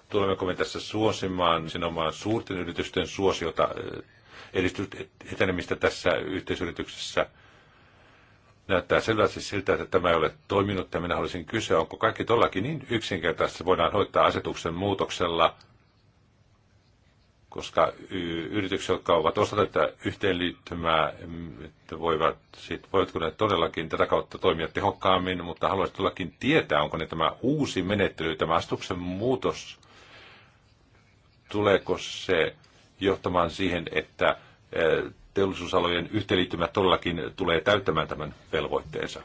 tulemmeko me tässä suosimaan sinomaan suurten yritysten suosiota eh, edistyt, etenemistä tässä yhteisyrityksessä. Näyttää selvästi siltä, että tämä ei ole toiminut, ja minä haluaisin kysyä, onko kaikki tollakin niin yksinkertaisesti, voidaan hoitaa asetuksen muutoksella, koska yritykset, jotka ovat osa tätä yhteenliittymää, voivat, sit, voivatko ne todellakin tätä kautta toimia tehokkaammin, mutta haluaisin tullakin tietää, onko ne tämä uusi menettely, tämä asetuksen muutos, tuleeko se johtamaan siihen, että teollisuusalojen yhteenliittymä todellakin tulee täyttämään tämän velvoitteensa?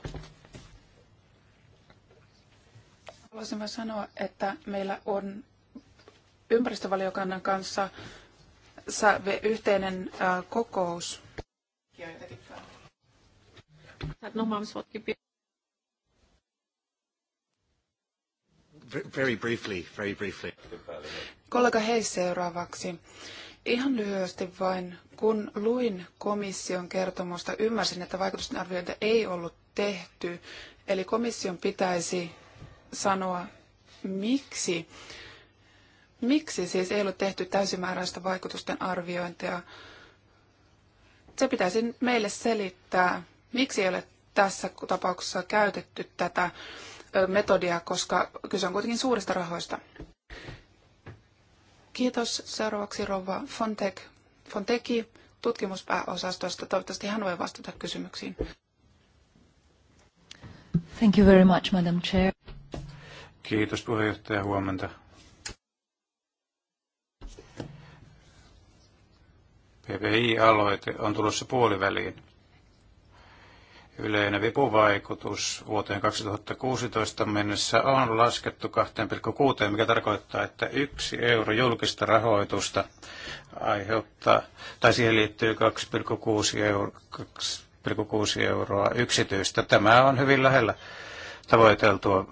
Haluaisin vain sanoa, että meillä on ympäristövaliokunnan kanssa yhteinen kokous. No very briefly, very briefly. Kollega Hei seuraavaksi. Ihan lyhyesti vain, kun luin komission kertomusta, ymmärsin, että vaikutusten arviointia ei ollut tehty. Eli komission pitäisi sanoa, miksi, miksi siis ei ole tehty täysimääräistä vaikutusten arviointia. Se pitäisi meille selittää, miksi ei ole tässä tapauksessa käytetty tätä metodia, koska kyse on kuitenkin suurista rahoista. Kiitos. Seuraavaksi rouva Fontek, Fonteki tutkimuspääosastosta. Toivottavasti hän voi vastata kysymyksiin. Thank you very much, Madam Chair. Kiitos puheenjohtaja, huomenta. PPI-aloite on tulossa puoliväliin. Yleinen vipuvaikutus vuoteen 2016 mennessä on laskettu 2,6, mikä tarkoittaa, että yksi euro julkista rahoitusta aiheuttaa, tai siihen liittyy 2,6 euroa, 2,6 euroa yksityistä. Tämä on hyvin lähellä tavoiteltua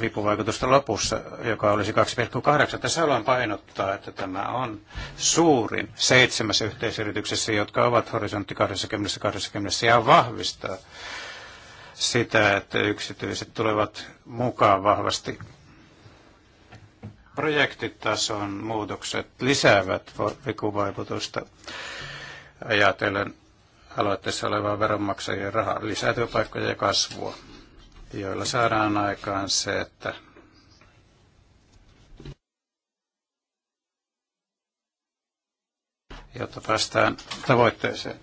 vipuvaikutusta lopussa, joka olisi 2,8. Tässä haluan painottaa, että tämä on suurin seitsemässä yhteisyrityksessä, jotka ovat horisontti 20-20 ja vahvistaa sitä, että yksityiset tulevat mukaan vahvasti. Projektitason muutokset lisäävät vipuvaikutusta ajatellen aloitteessa olevaa veronmaksajien rahaa, lisää työpaikkoja ja kasvua joilla saadaan aikaan se, että jotta päästään tavoitteeseen.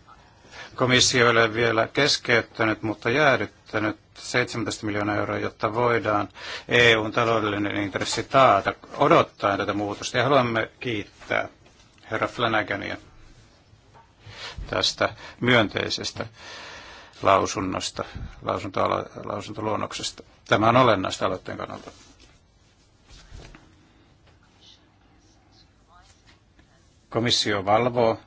Komissio ei ole vielä keskeyttänyt, mutta jäädyttänyt 17 miljoonaa euroa, jotta voidaan EUn taloudellinen intressi taata odottaa tätä muutosta. Ja haluamme kiittää herra Flanagania tästä myönteisestä lausunnosta, lausunto, lausuntoluonnoksesta. Tämä on olennaista aloitteen kannalta. Komissio valvoo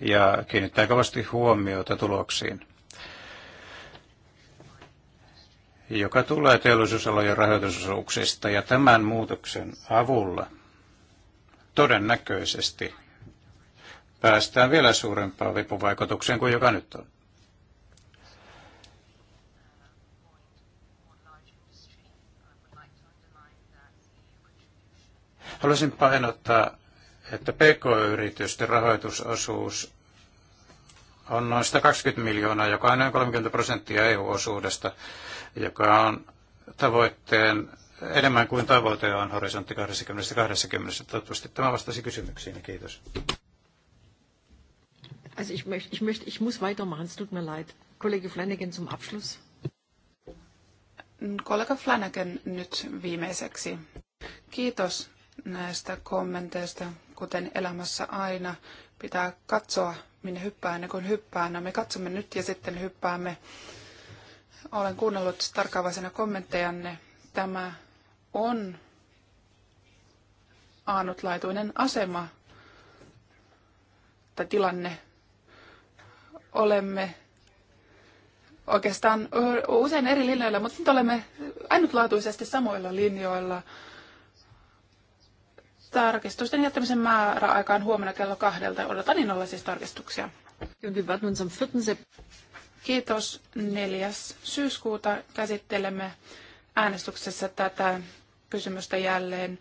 ja kiinnittää kovasti huomiota tuloksiin, joka tulee teollisuusalojen rahoitusosuuksista ja tämän muutoksen avulla todennäköisesti päästään vielä suurempaan vipuvaikutukseen kuin joka nyt on. Haluaisin painottaa, että PK-yritysten rahoitusosuus on noin 120 miljoonaa, joka on noin 30 prosenttia EU-osuudesta, joka on tavoitteen enemmän kuin tavoite on horisontti 2020. Toivottavasti tämä vastasi kysymyksiin. Kiitos. Also ich möchte, ich möchte, ich muss weitermachen, es tut mir leid. Kollege Flanagan zum Abschluss. Kollega Flanagan nyt viimeiseksi. Kiitos näistä kommenteista. Kuten elämässä aina, pitää katsoa, minne hyppää ennen kuin hyppää. No, me katsomme nyt ja sitten hyppäämme. Olen kuunnellut tarkkaavaisena kommenttejanne. Tämä on aanutlaituinen asema tai tilanne. Olemme oikeastaan usein eri linjoilla, mutta nyt olemme ainutlaatuisesti samoilla linjoilla. Tarkistusten jättämisen määräaika on huomenna kello kahdelta. Odotan innolla siis tarkistuksia. Kiitos. 4. syyskuuta käsittelemme äänestyksessä tätä kysymystä jälleen.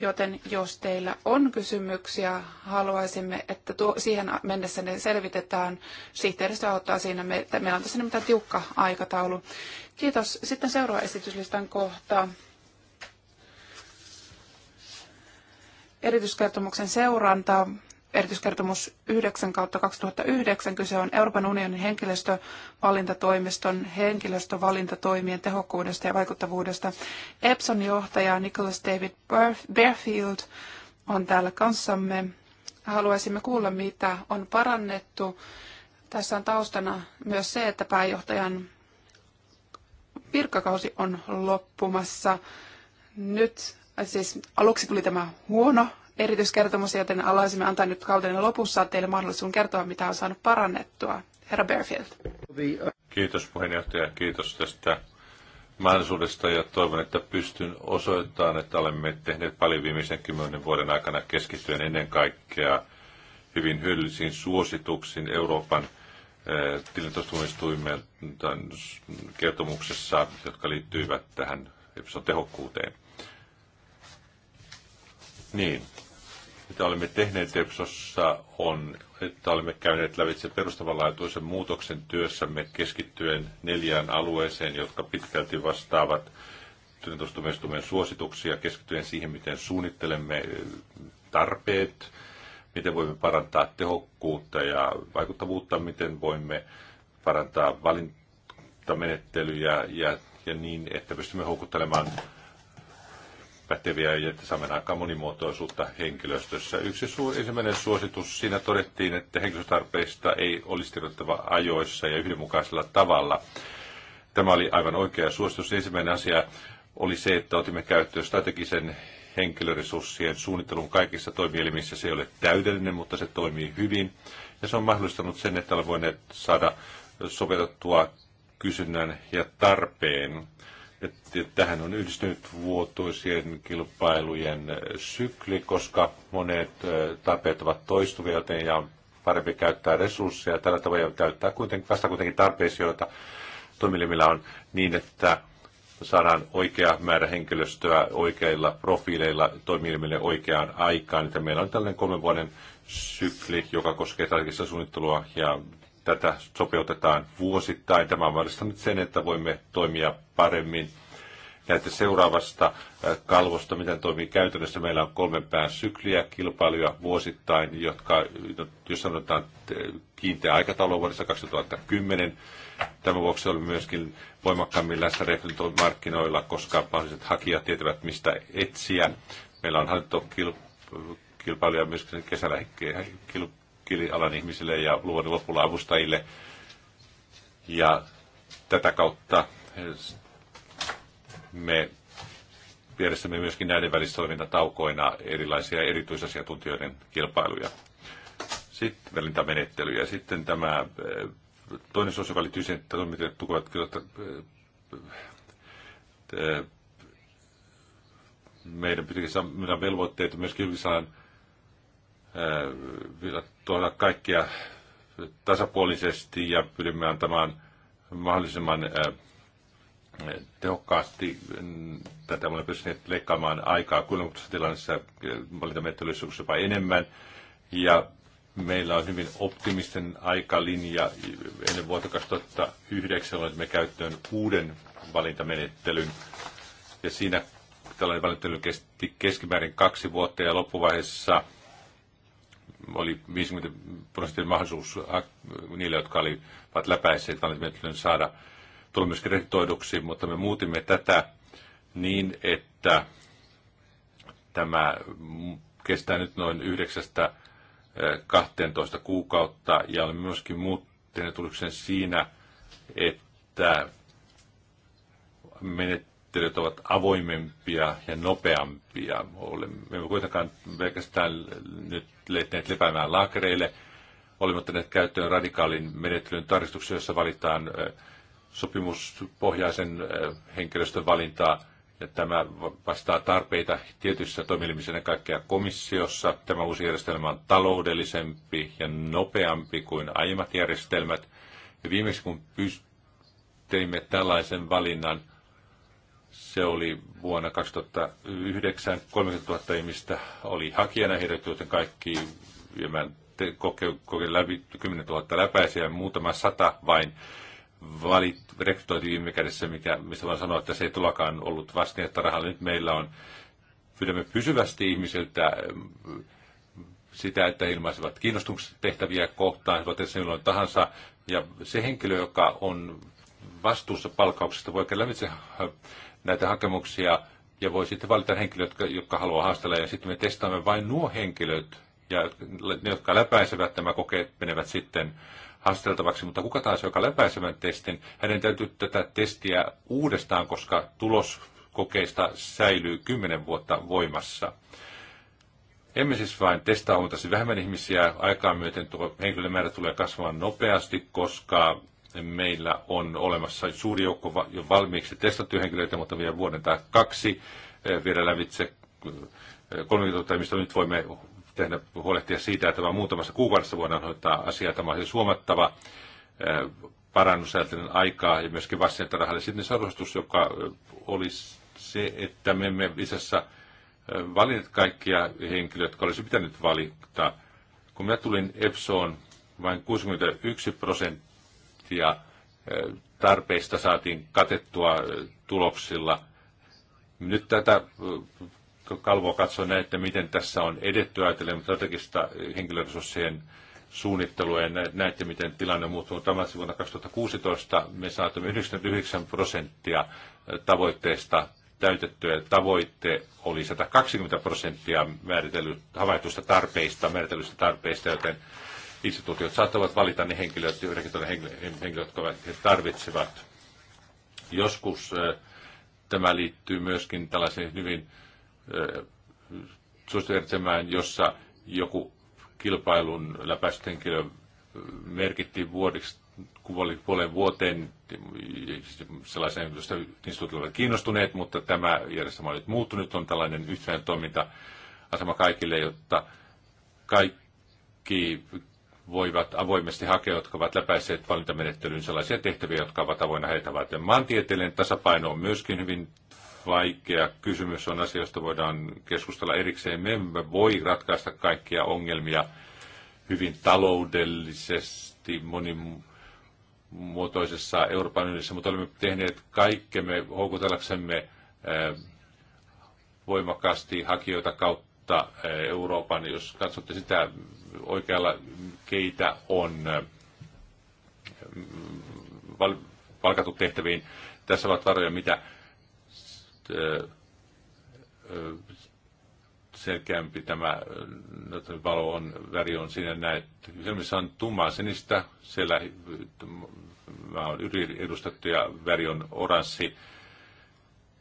Joten jos teillä on kysymyksiä, haluaisimme, että tuo, siihen mennessä ne selvitetään. Sihteeristö auttaa siinä. Me, meillä on tässä nimittäin tiukka aikataulu. Kiitos. Sitten seuraava esityslistan kohta. erityiskertomuksen seuranta, Erityiskertomus 9 kautta 2009 kyse on Euroopan unionin henkilöstövalintatoimiston henkilöstövalintatoimien tehokkuudesta ja vaikuttavuudesta. Epson johtaja Nicholas David Bearfield on täällä kanssamme. Haluaisimme kuulla, mitä on parannettu. Tässä on taustana myös se, että pääjohtajan virkakausi on loppumassa. Nyt siis aluksi tuli tämä huono erityiskertomus, joten alaisimme antaa nyt kauden lopussa teille mahdollisuuden kertoa, mitä on saanut parannettua. Herra Bearfield. Kiitos puheenjohtaja, kiitos tästä mahdollisuudesta ja toivon, että pystyn osoittamaan, että olemme tehneet paljon viimeisen kymmenen vuoden aikana keskittyen ennen kaikkea hyvin hyödyllisiin suosituksiin Euroopan eh, tilintostumistuimen kertomuksessa, jotka liittyivät tähän tehokkuuteen. Niin, mitä olemme tehneet EPSOssa on, että olemme käyneet lävitse perustavanlaatuisen muutoksen työssämme keskittyen neljään alueeseen, jotka pitkälti vastaavat tuomioistuimen suosituksia, keskittyen siihen, miten suunnittelemme tarpeet, miten voimme parantaa tehokkuutta ja vaikuttavuutta, miten voimme parantaa valintamenettelyjä ja, ja niin, että pystymme houkuttelemaan päteviä ja että saamme aikaan monimuotoisuutta henkilöstössä. Yksi suur, ensimmäinen suositus, siinä todettiin, että henkilöstötarpeista ei olisi tiedottava ajoissa ja yhdenmukaisella tavalla. Tämä oli aivan oikea suositus. Ensimmäinen asia oli se, että otimme käyttöön strategisen henkilöresurssien suunnittelun kaikissa toimielimissä. Se ei ole täydellinen, mutta se toimii hyvin. Ja se on mahdollistanut sen, että olemme voineet saada sopetettua kysynnän ja tarpeen tähän on yhdistynyt vuotuisien kilpailujen sykli, koska monet tarpeet ovat toistuvia, joten ja parempi käyttää resursseja. Tällä tavalla ja täyttää kuitenkin, vasta kuitenkin tarpeisiin, joita toimilimillä on niin, että saadaan oikea määrä henkilöstöä oikeilla profiileilla toimilimille oikeaan aikaan. Että meillä on tällainen kolmen vuoden sykli, joka koskee strategista suunnittelua ja Tätä sopeutetaan vuosittain. Tämä on mahdollistanut sen, että voimme toimia paremmin. Näitä seuraavasta kalvosta, miten toimii käytännössä. Meillä on kolmen pään sykliä kilpailuja vuosittain, jotka, no, jos sanotaan kiinteä aikataulu vuodessa 2010, Tämän vuoksi oli myöskin voimakkaammin läsnä rekrytointimarkkinoilla, koska mahdolliset hakijat tietävät, mistä etsiä. Meillä on hallintokilpailuja myöskin kesällä kirjalan ihmisille ja luoden lopulla avustajille. Ja tätä kautta eh, me vieressämme myöskin näiden taukoina erilaisia erityisasiantuntijoiden kilpailuja. Sitten välintamenettelyjä. Sitten tämä eh, toinen suosio, joka liittyy siihen, että toimittajat tukevat kyllä, eh, meidän pitäisi saada velvoitteita myöskin julkisalan tuoda kaikkia tasapuolisesti ja pyrimme antamaan mahdollisimman tehokkaasti tätä olemme pystyneet leikkaamaan aikaa kuljetuksessa tilannessa valintamenettelyssä jopa enemmän. Ja meillä on hyvin optimisten aikalinja. Ennen vuotta 2009 olemme käyttöön uuden valintamenettelyn. Ja siinä tällainen valintamenettely kesti keskimäärin kaksi vuotta ja loppuvaiheessa oli 50 prosentin mahdollisuus niille, jotka olivat läpäisseet valintamenttelyn saada tulla myös kreditoiduksi, mutta me muutimme tätä niin, että tämä kestää nyt noin 9 12 eh, kuukautta ja olemme myöskin muuttaneet tuloksen siinä, että menet menettelyt ovat avoimempia ja nopeampia. Olemme emme kuitenkaan pelkästään nyt leitneet lepäämään laakereille. Olemme ottaneet käyttöön radikaalin menettelyn tarkistuksen, jossa valitaan sopimuspohjaisen henkilöstön valintaa. Ja tämä vastaa tarpeita tietyissä toimielimissä ja kaikkea komissiossa. Tämä uusi järjestelmä on taloudellisempi ja nopeampi kuin aiemmat järjestelmät. Ja viimeksi kun teimme tällaisen valinnan, se oli vuonna 2009 30 000 ihmistä oli hakijana, heidät joten kaikki kokeili läpi 10 000 läpäisiä ja muutama sata vain valit, rekrytoitu viime kädessä, mikä, mistä voin sanoa, että se ei tulakaan ollut että rahalla. Nyt meillä on, pyydämme pysyvästi ihmisiltä mm, sitä, että he ilmaisevat kiinnostuksen tehtäviä kohtaan, tehdä milloin tahansa. Ja se henkilö, joka on vastuussa palkauksesta, voi käydä lävitse äh, näitä hakemuksia ja voi sitten valita henkilöt, jotka, jotka haluaa haastella. Ja sitten me testaamme vain nuo henkilöt, ja ne, jotka läpäisevät tämä kokeet, menevät sitten haasteltavaksi, mutta kuka taas, joka läpäisevän testin, hänen täytyy tätä testiä uudestaan, koska tulos kokeista säilyy kymmenen vuotta voimassa. Emme siis vain testaa huomattavasti vähemmän ihmisiä, Aikaan myöten tuo henkilömäärä tulee kasvamaan nopeasti, koska Meillä on olemassa suuri joukko jo valmiiksi testattuja henkilöitä, mutta vielä vuoden tai kaksi eh, vielä lävitse 30 eh, 000 nyt voimme tehdä, huolehtia siitä, että vain muutamassa kuukaudessa voidaan hoitaa asiaa. Tämä on siis huomattava eh, parannus aikaa ja myöskin vastineetta rahalle. Sitten sarustus, joka olisi se, että me emme itse asiassa valinneet kaikkia henkilöitä, jotka olisi pitänyt valita. Kun minä tulin EPSOon, vain 61 prosenttia prosenttia eh, tarpeista saatiin katettua eh, tuloksilla. Nyt tätä eh, kalvoa katsoen että miten tässä on edetty ajatellen strategista henkilöresurssien suunnittelua ja näette, miten tilanne on muuttunut. Tämä vuonna 2016 me saatamme 99 prosenttia tavoitteesta täytettyä. Tavoitte oli 120 prosenttia määritellyt, havaitusta tarpeista, määritellyistä tarpeista, joten instituutiot saattavat valita ne henkilöt, henkilöt, jotka he tarvitsevat. Joskus tämä liittyy myöskin tällaiseen hyvin suosittelemään, jossa joku kilpailun läpäisyt henkilö merkittiin vuodiksi puolen vuoteen sellaiseen, josta instituutit olivat kiinnostuneet, mutta tämä järjestelmä on nyt muuttunut, on tällainen yhtenäinen toiminta-asema kaikille, jotta kaikki voivat avoimesti hakea, jotka ovat läpäisseet valintamenettelyyn sellaisia tehtäviä, jotka ovat avoinna heitä varten. Maantieteellinen tasapaino on myöskin hyvin vaikea kysymys, on asia, josta voidaan keskustella erikseen. Me emme voi ratkaista kaikkia ongelmia hyvin taloudellisesti, monimuotoisessa Euroopan unionissa, mutta olemme tehneet kaikkemme houkutellaksemme eh, voimakkaasti hakijoita kautta eh, Euroopan. Jos katsotte sitä, oikealla, keitä on äh, val, palkattu tehtäviin. Tässä ovat varoja, mitä äh, äh, selkeämpi tämä valo on, väri on siinä näet. Silmissä on tummaa sinistä, siellä mä on yliedustettu ja väri on oranssi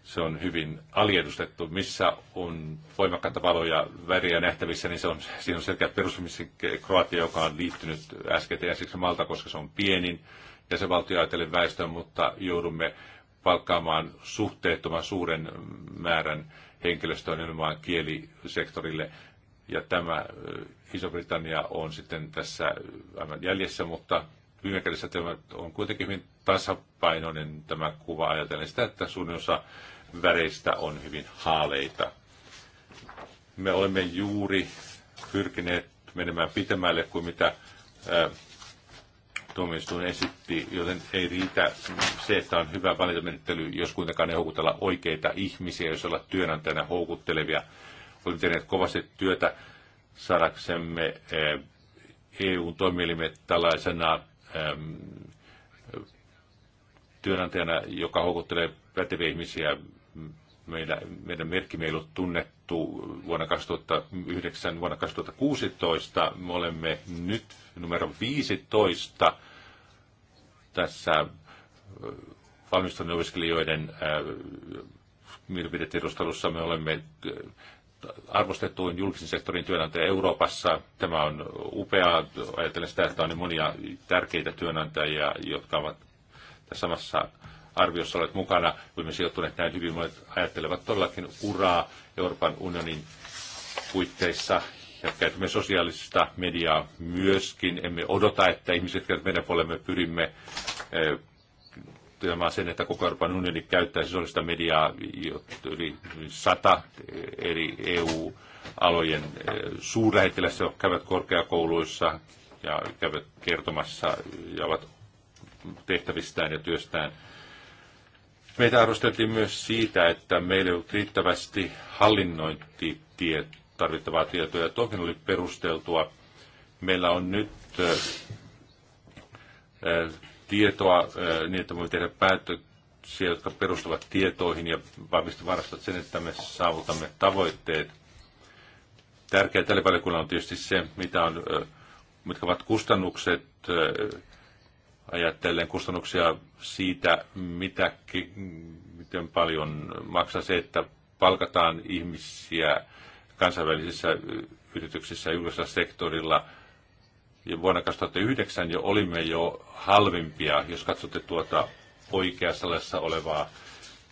se on hyvin aliedustettu. Missä on voimakkaita valoja, väriä nähtävissä, niin se on, siinä on selkeä perusmissi Kroatia, joka on liittynyt äsken ja siksi Malta, koska se on pienin ja se valtio ajatellen väestön, mutta joudumme palkkaamaan suhteettoman suuren määrän henkilöstöä nimenomaan kielisektorille. Ja tämä Iso-Britannia on sitten tässä aivan jäljessä, mutta viime kädessä tämä on kuitenkin hyvin tasapainoinen tämä kuva ajatellen sitä, että suurin osa väreistä on hyvin haaleita. Me olemme juuri pyrkineet menemään pitemmälle kuin mitä tuomioistuin esitti, joten ei riitä se, että on hyvä valintamenettely, jos kuitenkaan ei houkutella oikeita ihmisiä, jos olla työnantajana houkuttelevia. Olemme tehneet kovasti työtä saadaksemme eu toimielimet tällaisena työnantajana, joka houkuttelee päteviä ihmisiä. Meillä, meidän merkki meillä on tunnettu vuonna 2009, vuonna 2016. Me olemme nyt numero 15 tässä valmistuneiden opiskelijoiden mielipidetiedustelussa. Me olemme arvostettuin julkisen sektorin työnantaja Euroopassa. Tämä on upea Ajattelen sitä, että on niin monia tärkeitä työnantajia, jotka ovat tässä samassa arviossa olet mukana, kun sijoittuneet näin hyvin, monet ajattelevat todellakin uraa Euroopan unionin puitteissa ja käytämme sosiaalista mediaa myöskin. Emme odota, että ihmiset, jotka meidän puolemme pyrimme e, tämä sen, että koko Euroopan unioni käyttää sosiaalista mediaa yli sata eri EU-alojen e, suurlähettilässä, jotka käyvät korkeakouluissa ja käyvät kertomassa ja ovat tehtävistään ja työstään. Meitä arvosteltiin myös siitä, että meillä ei ollut riittävästi hallinnointitie, tarvittavaa tietoa, ja toki oli perusteltua. Meillä on nyt tietoa niin, että voimme tehdä päätöksiä, jotka perustuvat tietoihin ja varastat sen, että me saavutamme tavoitteet. Tärkeää tälle valiokunnalle on tietysti se, mitä on, mitkä ovat kustannukset Ajattelen kustannuksia siitä, mitä, miten paljon maksaa se, että palkataan ihmisiä kansainvälisissä yrityksissä julkisella sektorilla. Ja vuonna 2009 jo olimme jo halvimpia, jos katsotte tuota oikeassa olevaa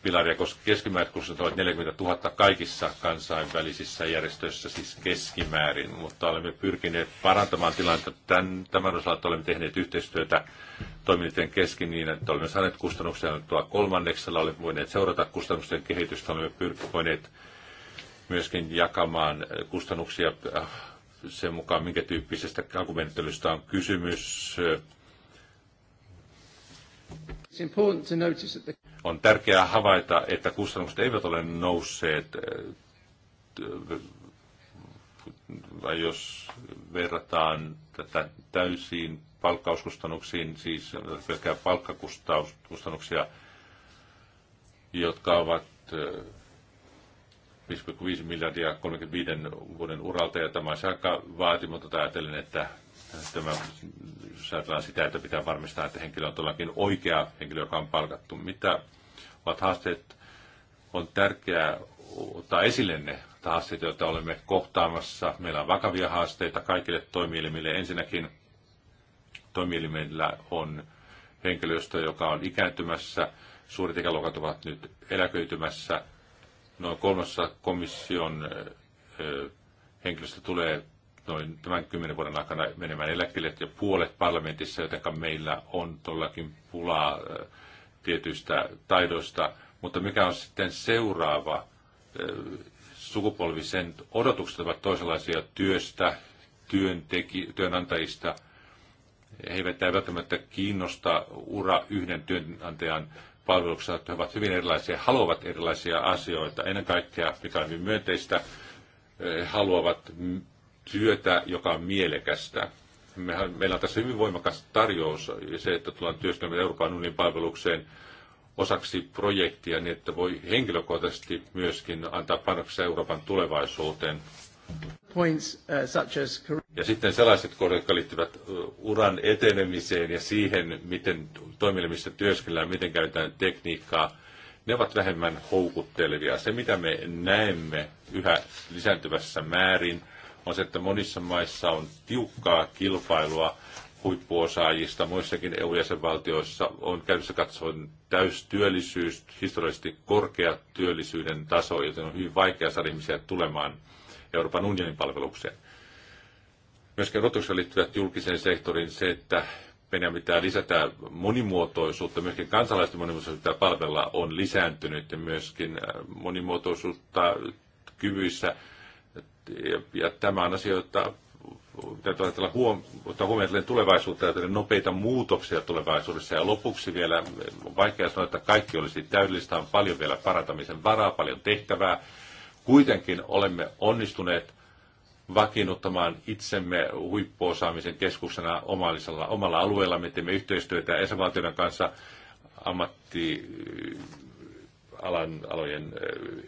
pilaria, koska keskimäärät ovat 40 000 kaikissa kansainvälisissä järjestöissä, siis keskimäärin, mutta olemme pyrkineet parantamaan tilannetta tämän, tämän osalta, olemme tehneet yhteistyötä toimintojen kesken niin, että olemme saaneet kustannuksia tuo kolmanneksella, olemme voineet seurata kustannusten kehitystä, olemme pyrkineet myöskin jakamaan kustannuksia äh, sen mukaan, minkä tyyppisestä alkumenettelystä on kysymys, on tärkeää havaita, että kustannukset eivät ole nousseet, vai äh, äh, jos verrataan tätä täysiin palkkauskustannuksiin, siis pelkää palkkakustannuksia, jotka ovat 5,5 äh, miljardia 35 vuoden uralta, ja tämä on aika vaatimatonta ajatellen, että Tämä, jos ajatellaan sitä, että pitää varmistaa, että henkilö on todellakin oikea henkilö, joka on palkattu. Mitä ovat haasteet? On tärkeää ottaa esille ne haasteet, joita olemme kohtaamassa. Meillä on vakavia haasteita kaikille toimielimille. Ensinnäkin toimielimillä on henkilöstö, joka on ikääntymässä. Suuret ikäluokat ovat nyt eläköitymässä. Noin kolmessa komission henkilöstö tulee noin tämän kymmenen vuoden aikana menemään eläkkeelle ja puolet parlamentissa, joten meillä on todellakin pulaa tietyistä taidoista. Mutta mikä on sitten seuraava sukupolvi, sen odotukset ovat toisenlaisia työstä, työnteki, työnantajista. He eivät välttämättä kiinnosta ura yhden työnantajan palveluksessa, että he ovat hyvin erilaisia, haluavat erilaisia asioita. Ennen kaikkea, mikä on hyvin myönteistä, he haluavat työtä, joka on mielekästä. Mehän, meillä on tässä hyvin voimakas tarjous, se, että tullaan työskentelemään Euroopan unionin palvelukseen osaksi projektia, niin että voi henkilökohtaisesti myöskin antaa panoksia Euroopan tulevaisuuteen. Uh, ja sitten sellaiset kohdat, jotka liittyvät uh, uran etenemiseen ja siihen, miten toimielimistä työskennellään, miten käytetään tekniikkaa, ne ovat vähemmän houkuttelevia. Se, mitä me näemme yhä lisääntyvässä määrin – on se, että monissa maissa on tiukkaa kilpailua huippuosaajista. Muissakin EU-jäsenvaltioissa on käynnissä katsoen täystyöllisyys, historiallisesti korkea työllisyyden taso, joten on hyvin vaikea saada ihmisiä tulemaan Euroopan unionin palvelukseen. Myöskin odotuksia liittyvät julkisen sektorin se, että meidän pitää lisätä monimuotoisuutta, myöskin kansalaisten monimuotoisuutta palvella on lisääntynyt ja myöskin äh, monimuotoisuutta kyvyissä ja, ja tämä on asia, että täytyy ajatella huom- ottaa huomioon tulevaisuutta ja nopeita muutoksia tulevaisuudessa. Ja lopuksi vielä on vaikea sanoa, että kaikki olisi täydellistä, on paljon vielä parantamisen varaa, paljon tehtävää. Kuitenkin olemme onnistuneet vakiinnuttamaan itsemme huippuosaamisen keskuksena omallisella, omalla alueella. Me teemme yhteistyötä jäsenvaltioiden kanssa ammattialan alojen äh,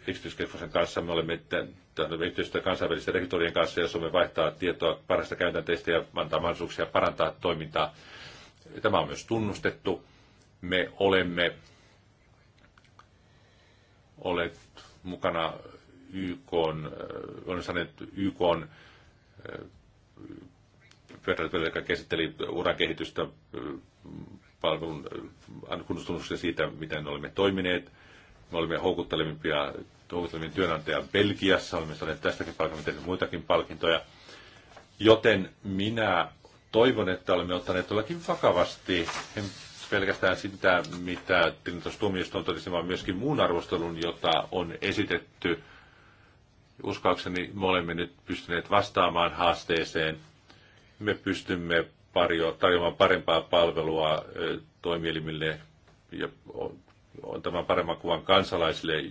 yksityiskeskuksen kanssa. Me olemme että yhteistyötä kansainvälisten rekrytoijien kanssa jos Suomi vaihtaa tietoa parasta käytänteistä ja antaa mahdollisuuksia parantaa toimintaa. Tämä on myös tunnustettu. Me olemme olet mukana YK, äh, olen sanonut YK pyöräilypöydä, äh, joka käsitteli urakehitystä, äh, palvelun kunnustunnusta siitä, miten olemme toimineet. Me olemme houkuttelevimpia tuomioistuimen työnantaja Belgiassa. Olemme saaneet tästäkin palkintoja, muitakin palkintoja. Joten minä toivon, että olemme ottaneet tuollakin vakavasti en pelkästään sitä, mitä on totesi, vaan myöskin muun arvostelun, jota on esitetty. Uskaukseni me olemme nyt pystyneet vastaamaan haasteeseen. Me pystymme tarjoamaan parempaa palvelua toimielimille ja antamaan paremman kuvan kansalaisille,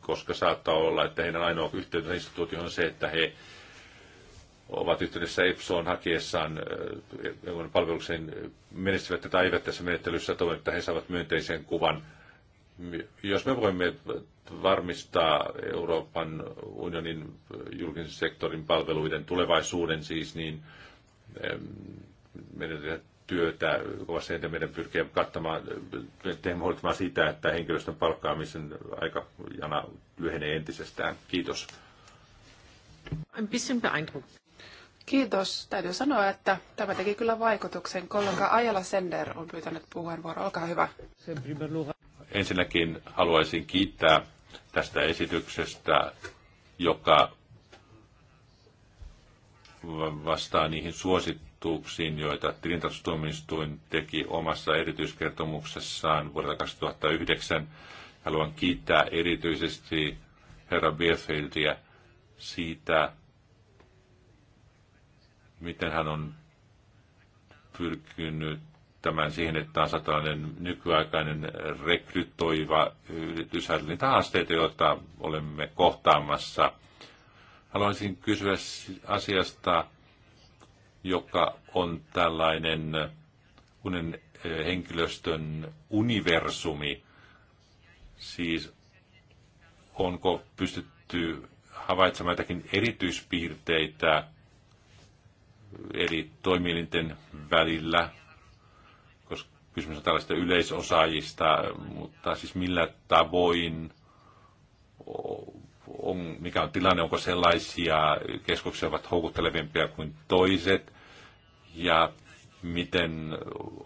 koska saattaa olla, että heidän ainoa yhteytensä instituutio on se, että he ovat yhteydessä EPSOon hakiessaan jonkun eh, palveluksen menestyvät tai eivät tässä menettelyssä toivon, että he saavat myönteisen kuvan. Jos me voimme varmistaa Euroopan unionin julkisen sektorin palveluiden tulevaisuuden siis, niin meidän työtä kovasti, että meidän pyrkiä kattamaan, huolehtimaan sitä, että henkilöstön palkkaamisen jana lyhenee entisestään. Kiitos. Ein bisschen beeindruckt. Kiitos. Täytyy sanoa, että tämä teki kyllä vaikutuksen. Kollega Ajala Sender on pyytänyt puheenvuoroa. Olkaa hyvä. Ensinnäkin haluaisin kiittää tästä esityksestä, joka vastaa niihin suosittuihin valtuuksiin, joita tilintarkastustuomioistuin teki omassa erityiskertomuksessaan vuodelta 2009. Haluan kiittää erityisesti herra Bierfeldia siitä, miten hän on pyrkinyt tämän siihen, että on tällainen nykyaikainen rekrytoiva yritys, niitä haasteita, joita olemme kohtaamassa. Haluaisin kysyä asiasta, joka on tällainen unen eh, henkilöstön universumi. Siis onko pystytty havaitsemaan jotakin erityispiirteitä eri toimielinten välillä, koska kysymys on tällaista yleisosaajista, mutta siis millä tavoin on, mikä on tilanne, onko sellaisia keskuksia ovat houkuttelevimpia kuin toiset, ja miten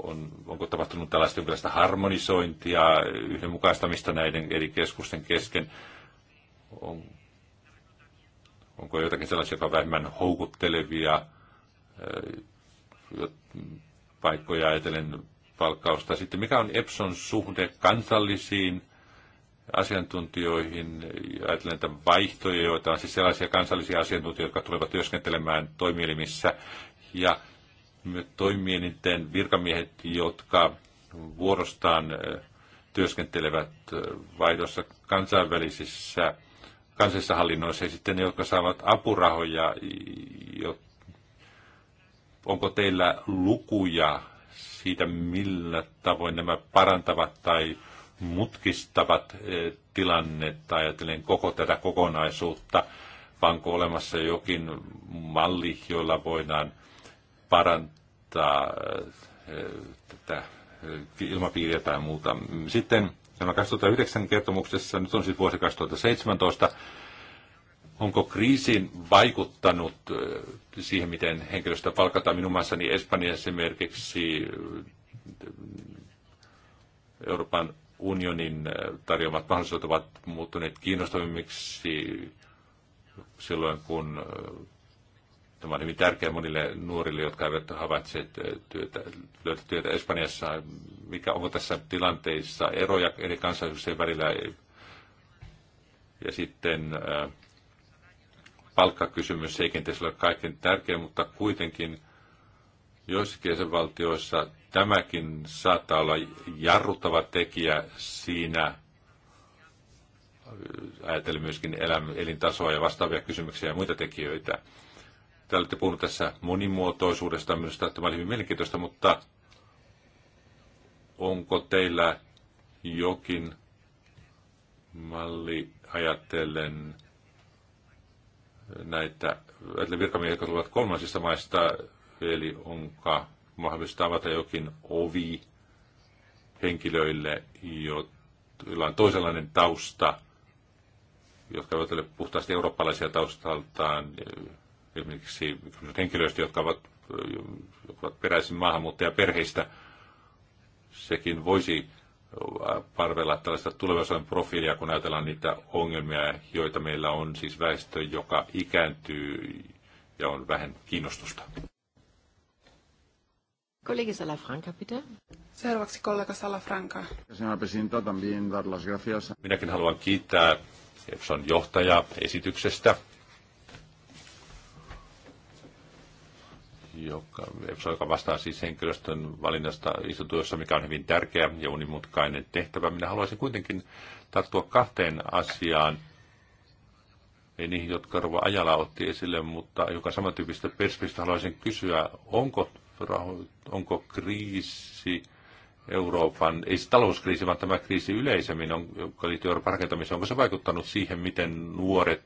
on, onko tapahtunut tällaista jonkinlaista harmonisointia, yhdenmukaistamista näiden eri keskusten kesken, on, onko jotakin sellaisia, jotka on vähemmän houkuttelevia eh, paikkoja ajatellen palkkausta. Sitten mikä on Epson suhde kansallisiin asiantuntijoihin, ajatellen että vaihtoja, joita on siis sellaisia kansallisia asiantuntijoita, jotka tulevat työskentelemään toimielimissä, ja toimielinten virkamiehet, jotka vuorostaan työskentelevät vaihdossa kansainvälisissä kansallisissa hallinnoissa ja sitten ne, jotka saavat apurahoja. Onko teillä lukuja siitä, millä tavoin nämä parantavat tai mutkistavat eh, tilannetta ajatellen koko tätä kokonaisuutta, vaan onko olemassa jokin malli, jolla voidaan parantaa eh, tätä eh, ilmapiiriä tai muuta. Sitten tämä 2009 kertomuksessa, nyt on siis vuosi 2017, onko kriisiin vaikuttanut siihen, miten henkilöstä palkataan? Minun maassani Espanjassa esimerkiksi Euroopan unionin äh, tarjoamat mahdollisuudet ovat muuttuneet kiinnostavimmiksi silloin, kun äh, tämä on hyvin tärkeä monille nuorille, jotka eivät havaitse äh, työtä, löytä työtä Espanjassa. Mikä on tässä tilanteissa eroja eri kansallisuuksien välillä? Ja sitten palkkakysymys ei kenties ole kaikkein tärkeä, mutta kuitenkin – Joissakin jäsenvaltioissa tämäkin saattaa olla jarruttava tekijä siinä, ajatellen myöskin elintasoa ja vastaavia kysymyksiä ja muita tekijöitä. Te olette puhunut tässä monimuotoisuudesta, minusta tämä oli hyvin mielenkiintoista, mutta onko teillä jokin malli ajatellen näitä ajatellen virkamiehiä, jotka tulevat kolmansista maista, eli onko mahdollista avata jokin ovi henkilöille, joilla on toisenlainen tausta, jotka eivät ole puhtaasti eurooppalaisia taustaltaan, esimerkiksi henkilöistä, jotka ovat, jotka ovat peräisin maahanmuuttajaperheistä, sekin voisi parvella tällaista tulevaisuuden profiilia, kun ajatellaan niitä ongelmia, joita meillä on, siis väestö, joka ikääntyy ja on vähän kiinnostusta. Kollege Salafranca, bitte. Seuraavaksi kollega Salafranca. Minäkin haluan kiittää Epson johtaja esityksestä, joka, Epson, joka vastaa siis henkilöstön valinnasta istutuessa, mikä on hyvin tärkeä ja unimutkainen tehtävä. Minä haluaisin kuitenkin tarttua kahteen asiaan, ei niihin, jotka Rova Ajala otti esille, mutta joka samantyyppistä perspektiivistä haluaisin kysyä, onko onko kriisi Euroopan, ei se talouskriisi, vaan tämä kriisi yleisemmin, on, joka liittyy Euroopan rakentamiseen, onko se vaikuttanut siihen, miten nuoret,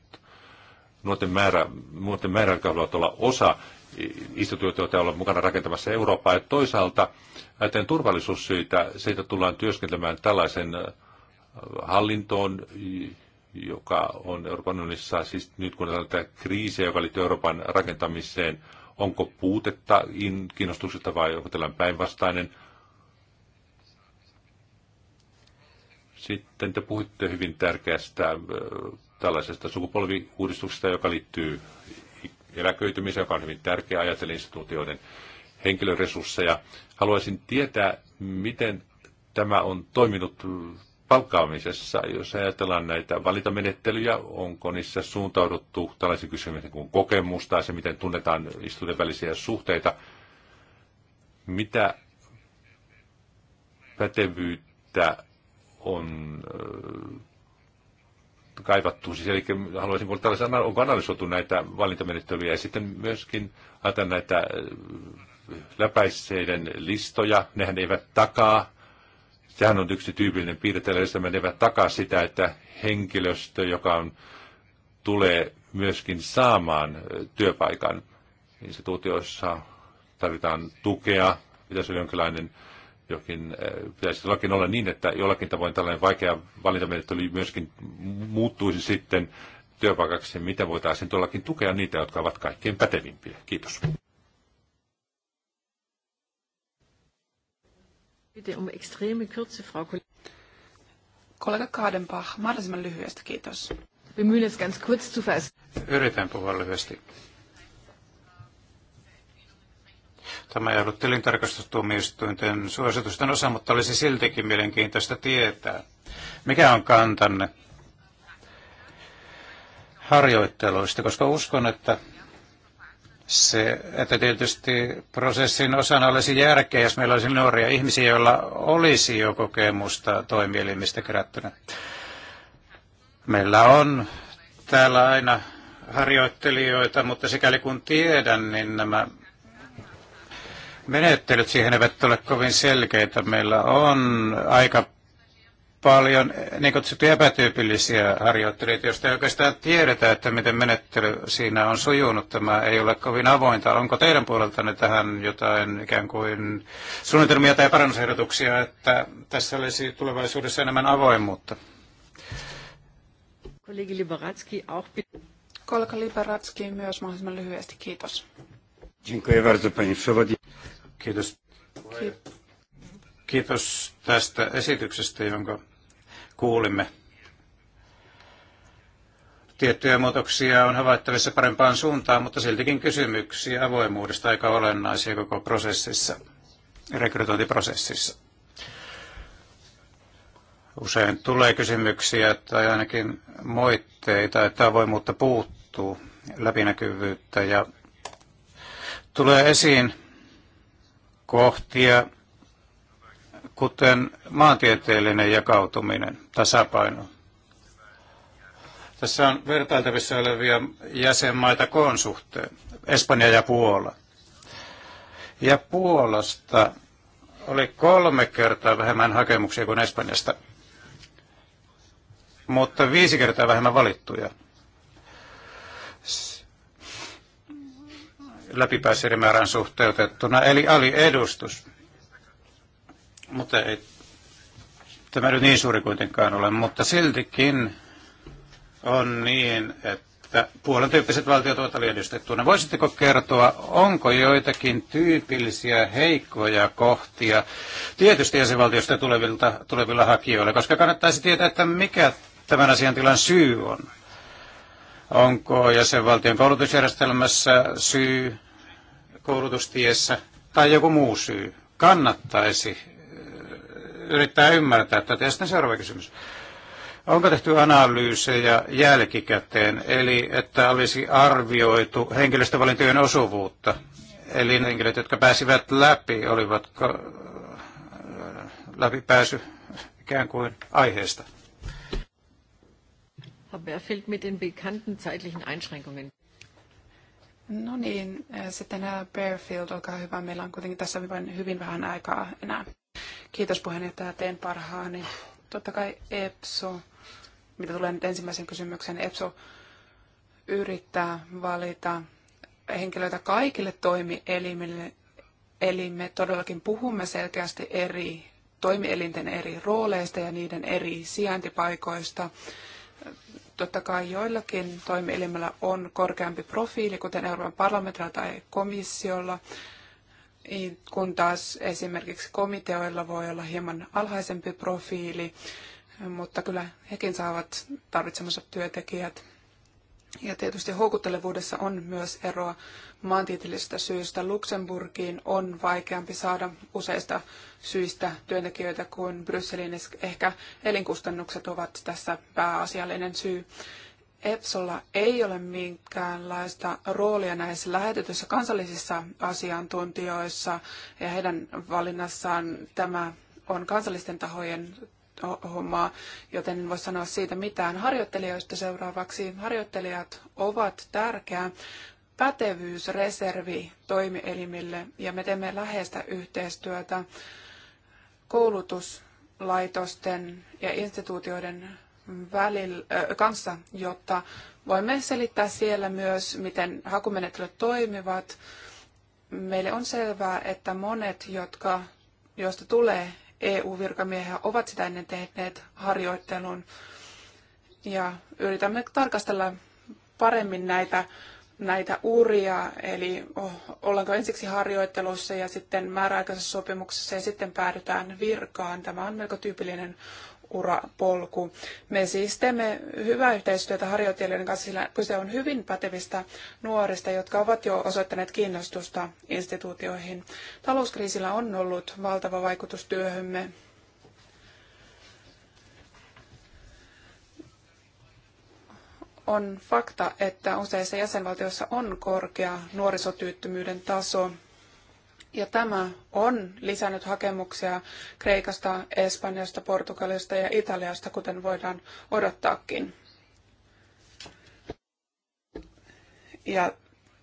nuorten määrä, nuorten määrä jotka haluavat olla osa instituutioita, joita olla mukana rakentamassa Eurooppaa, ja toisaalta ajattelen turvallisuussyitä, siitä tullaan työskentelemään tällaisen äh, hallintoon, joka on Euroopan unionissa, siis nyt kun on tätä kriisiä, joka liittyy Euroopan rakentamiseen, Onko puutetta kiinnostuksesta vai onko tällainen päinvastainen? Sitten te puhuitte hyvin tärkeästä tällaisesta sukupolviuudistuksesta, joka liittyy eläköitymiseen, joka on hyvin tärkeä ajatellen instituutioiden henkilöresursseja. Haluaisin tietää, miten tämä on toiminut palkkaamisessa, jos ajatellaan näitä valintamenettelyjä, onko niissä suuntauduttu tällaisiin kysymyksiin kuin kokemus tai se, miten tunnetaan istuuden välisiä suhteita, mitä pätevyyttä on äh, kaivattu. Siis, eli haluaisin kuulla tällaisen, onko analysoitu näitä valintamenettelyjä ja sitten myöskin ajatellaan näitä äh, läpäisseiden listoja, nehän eivät takaa Sehän on yksi tyypillinen piirre tällä menevät takaa sitä, että henkilöstö, joka on, tulee myöskin saamaan työpaikan instituutioissa, tarvitaan tukea, pitäisi olla jonkinlainen jokin, pitäisi jollakin olla niin, että jollakin tavoin tällainen vaikea valintamenettely myöskin muuttuisi sitten työpaikaksi, mitä voitaisiin tuollakin tukea niitä, jotka ovat kaikkein pätevimpiä. Kiitos. Um Kollega Kaadenbach, mahdollisimman lyhyesti, kiitos. Yritän puhua lyhyesti. Tämä ei ollut tilintarkastustuomioistuinten suositusten osa, mutta olisi siltikin mielenkiintoista tietää. Mikä on kantanne harjoitteluista, koska uskon, että se, että tietysti prosessin osana olisi järkeä, jos meillä olisi nuoria ihmisiä, joilla olisi jo kokemusta toimielimistä kerättynä. Meillä on täällä aina harjoittelijoita, mutta sikäli kun tiedän, niin nämä menettelyt siihen eivät ole kovin selkeitä. Meillä on aika paljon niin kutsuttuja epätyypillisiä harjoittelijoita, joista ei oikeastaan tiedetä, että miten menettely siinä on sujunut. Tämä ei ole kovin avointa. Onko teidän puoleltanne tähän jotain ikään kuin suunnitelmia tai parannusehdotuksia, että tässä olisi tulevaisuudessa enemmän avoimuutta? Kollegi Liberatski, auch bitte. Liberatski myös mahdollisimman lyhyesti. Kiitos. Kiitos. Kiitos tästä esityksestä, jonka kuulimme. Tiettyjä muutoksia on havaittavissa parempaan suuntaan, mutta siltikin kysymyksiä avoimuudesta aika olennaisia koko prosessissa, rekrytointiprosessissa. Usein tulee kysymyksiä tai ainakin moitteita, että avoimuutta puuttuu, läpinäkyvyyttä ja tulee esiin kohtia, kuten maantieteellinen jakautuminen, tasapaino. Tässä on vertailtavissa olevia jäsenmaita koon suhteen, Espanja ja Puola. Ja Puolasta oli kolme kertaa vähemmän hakemuksia kuin Espanjasta, mutta viisi kertaa vähemmän valittuja. läpipääsirimäärän suhteutettuna, eli aliedustus. Mutta ei tämä nyt niin suuri kuitenkaan ole, mutta siltikin on niin, että puolen tyyppiset valtiot ovat aliedustettuina. Voisitteko kertoa, onko joitakin tyypillisiä heikkoja kohtia tietysti jäsenvaltiosta tulevilta, tulevilla hakijoilla, koska kannattaisi tietää, että mikä tämän asiantilan syy on. Onko jäsenvaltion koulutusjärjestelmässä syy koulutustiessä tai joku muu syy? Kannattaisi yrittää ymmärtää tätä. Ja sitten seuraava kysymys. Onko tehty analyysejä jälkikäteen, eli että olisi arvioitu henkilöstövalintojen osuvuutta? Eli henkilöt, jotka pääsivät läpi, olivatko äh, läpipääsy ikään kuin aiheesta? Aber fehlt mit den bekannten zeitlichen Einschränkungen. No niin, äh, sitten Bearfield, olkaa hyvä. Meillä on kuitenkin tässä hyvin vähän aikaa enää. Kiitos puheenjohtaja, teen parhaani. Totta kai EPSO, mitä tulee nyt ensimmäisen kysymykseen, niin EPSO yrittää valita henkilöitä kaikille toimielimille, eli me todellakin puhumme selkeästi eri toimielinten eri rooleista ja niiden eri sijaintipaikoista. Totta kai joillakin toimielimellä on korkeampi profiili, kuten Euroopan parlamentilla tai komissiolla, kun taas esimerkiksi komiteoilla voi olla hieman alhaisempi profiili, mutta kyllä hekin saavat tarvitsemansa työntekijät. Ja tietysti houkuttelevuudessa on myös eroa maantieteellisestä syystä. Luxemburgiin on vaikeampi saada useista syistä työntekijöitä kuin Brysseliin. Ehkä elinkustannukset ovat tässä pääasiallinen syy. EPSOlla ei ole minkäänlaista roolia näissä lähetetyissä kansallisissa asiantuntijoissa ja heidän valinnassaan tämä on kansallisten tahojen hommaa, joten en voi sanoa siitä mitään. Harjoittelijoista seuraavaksi. Harjoittelijat ovat tärkeä pätevyysreservi toimielimille ja me teemme läheistä yhteistyötä koulutuslaitosten ja instituutioiden välillä, äh, kanssa, jotta voimme selittää siellä myös, miten hakumenettelyt toimivat. Meille on selvää, että monet, jotka, joista tulee EU-virkamiehiä, ovat sitä ennen tehneet harjoittelun. Ja yritämme tarkastella paremmin näitä, näitä uria, eli oh, ollaanko ensiksi harjoittelussa ja sitten määräaikaisessa sopimuksessa ja sitten päädytään virkaan. Tämä on melko tyypillinen urapolku. Me siis teemme hyvää yhteistyötä harjoittelijoiden kanssa, sillä kyse on hyvin pätevistä nuorista, jotka ovat jo osoittaneet kiinnostusta instituutioihin. Talouskriisillä on ollut valtava vaikutus työhömme. On fakta, että useissa jäsenvaltioissa on korkea nuorisotyyttömyyden taso. Ja tämä on lisännyt hakemuksia Kreikasta, Espanjasta, Portugalista ja Italiasta, kuten voidaan odottaakin. Ja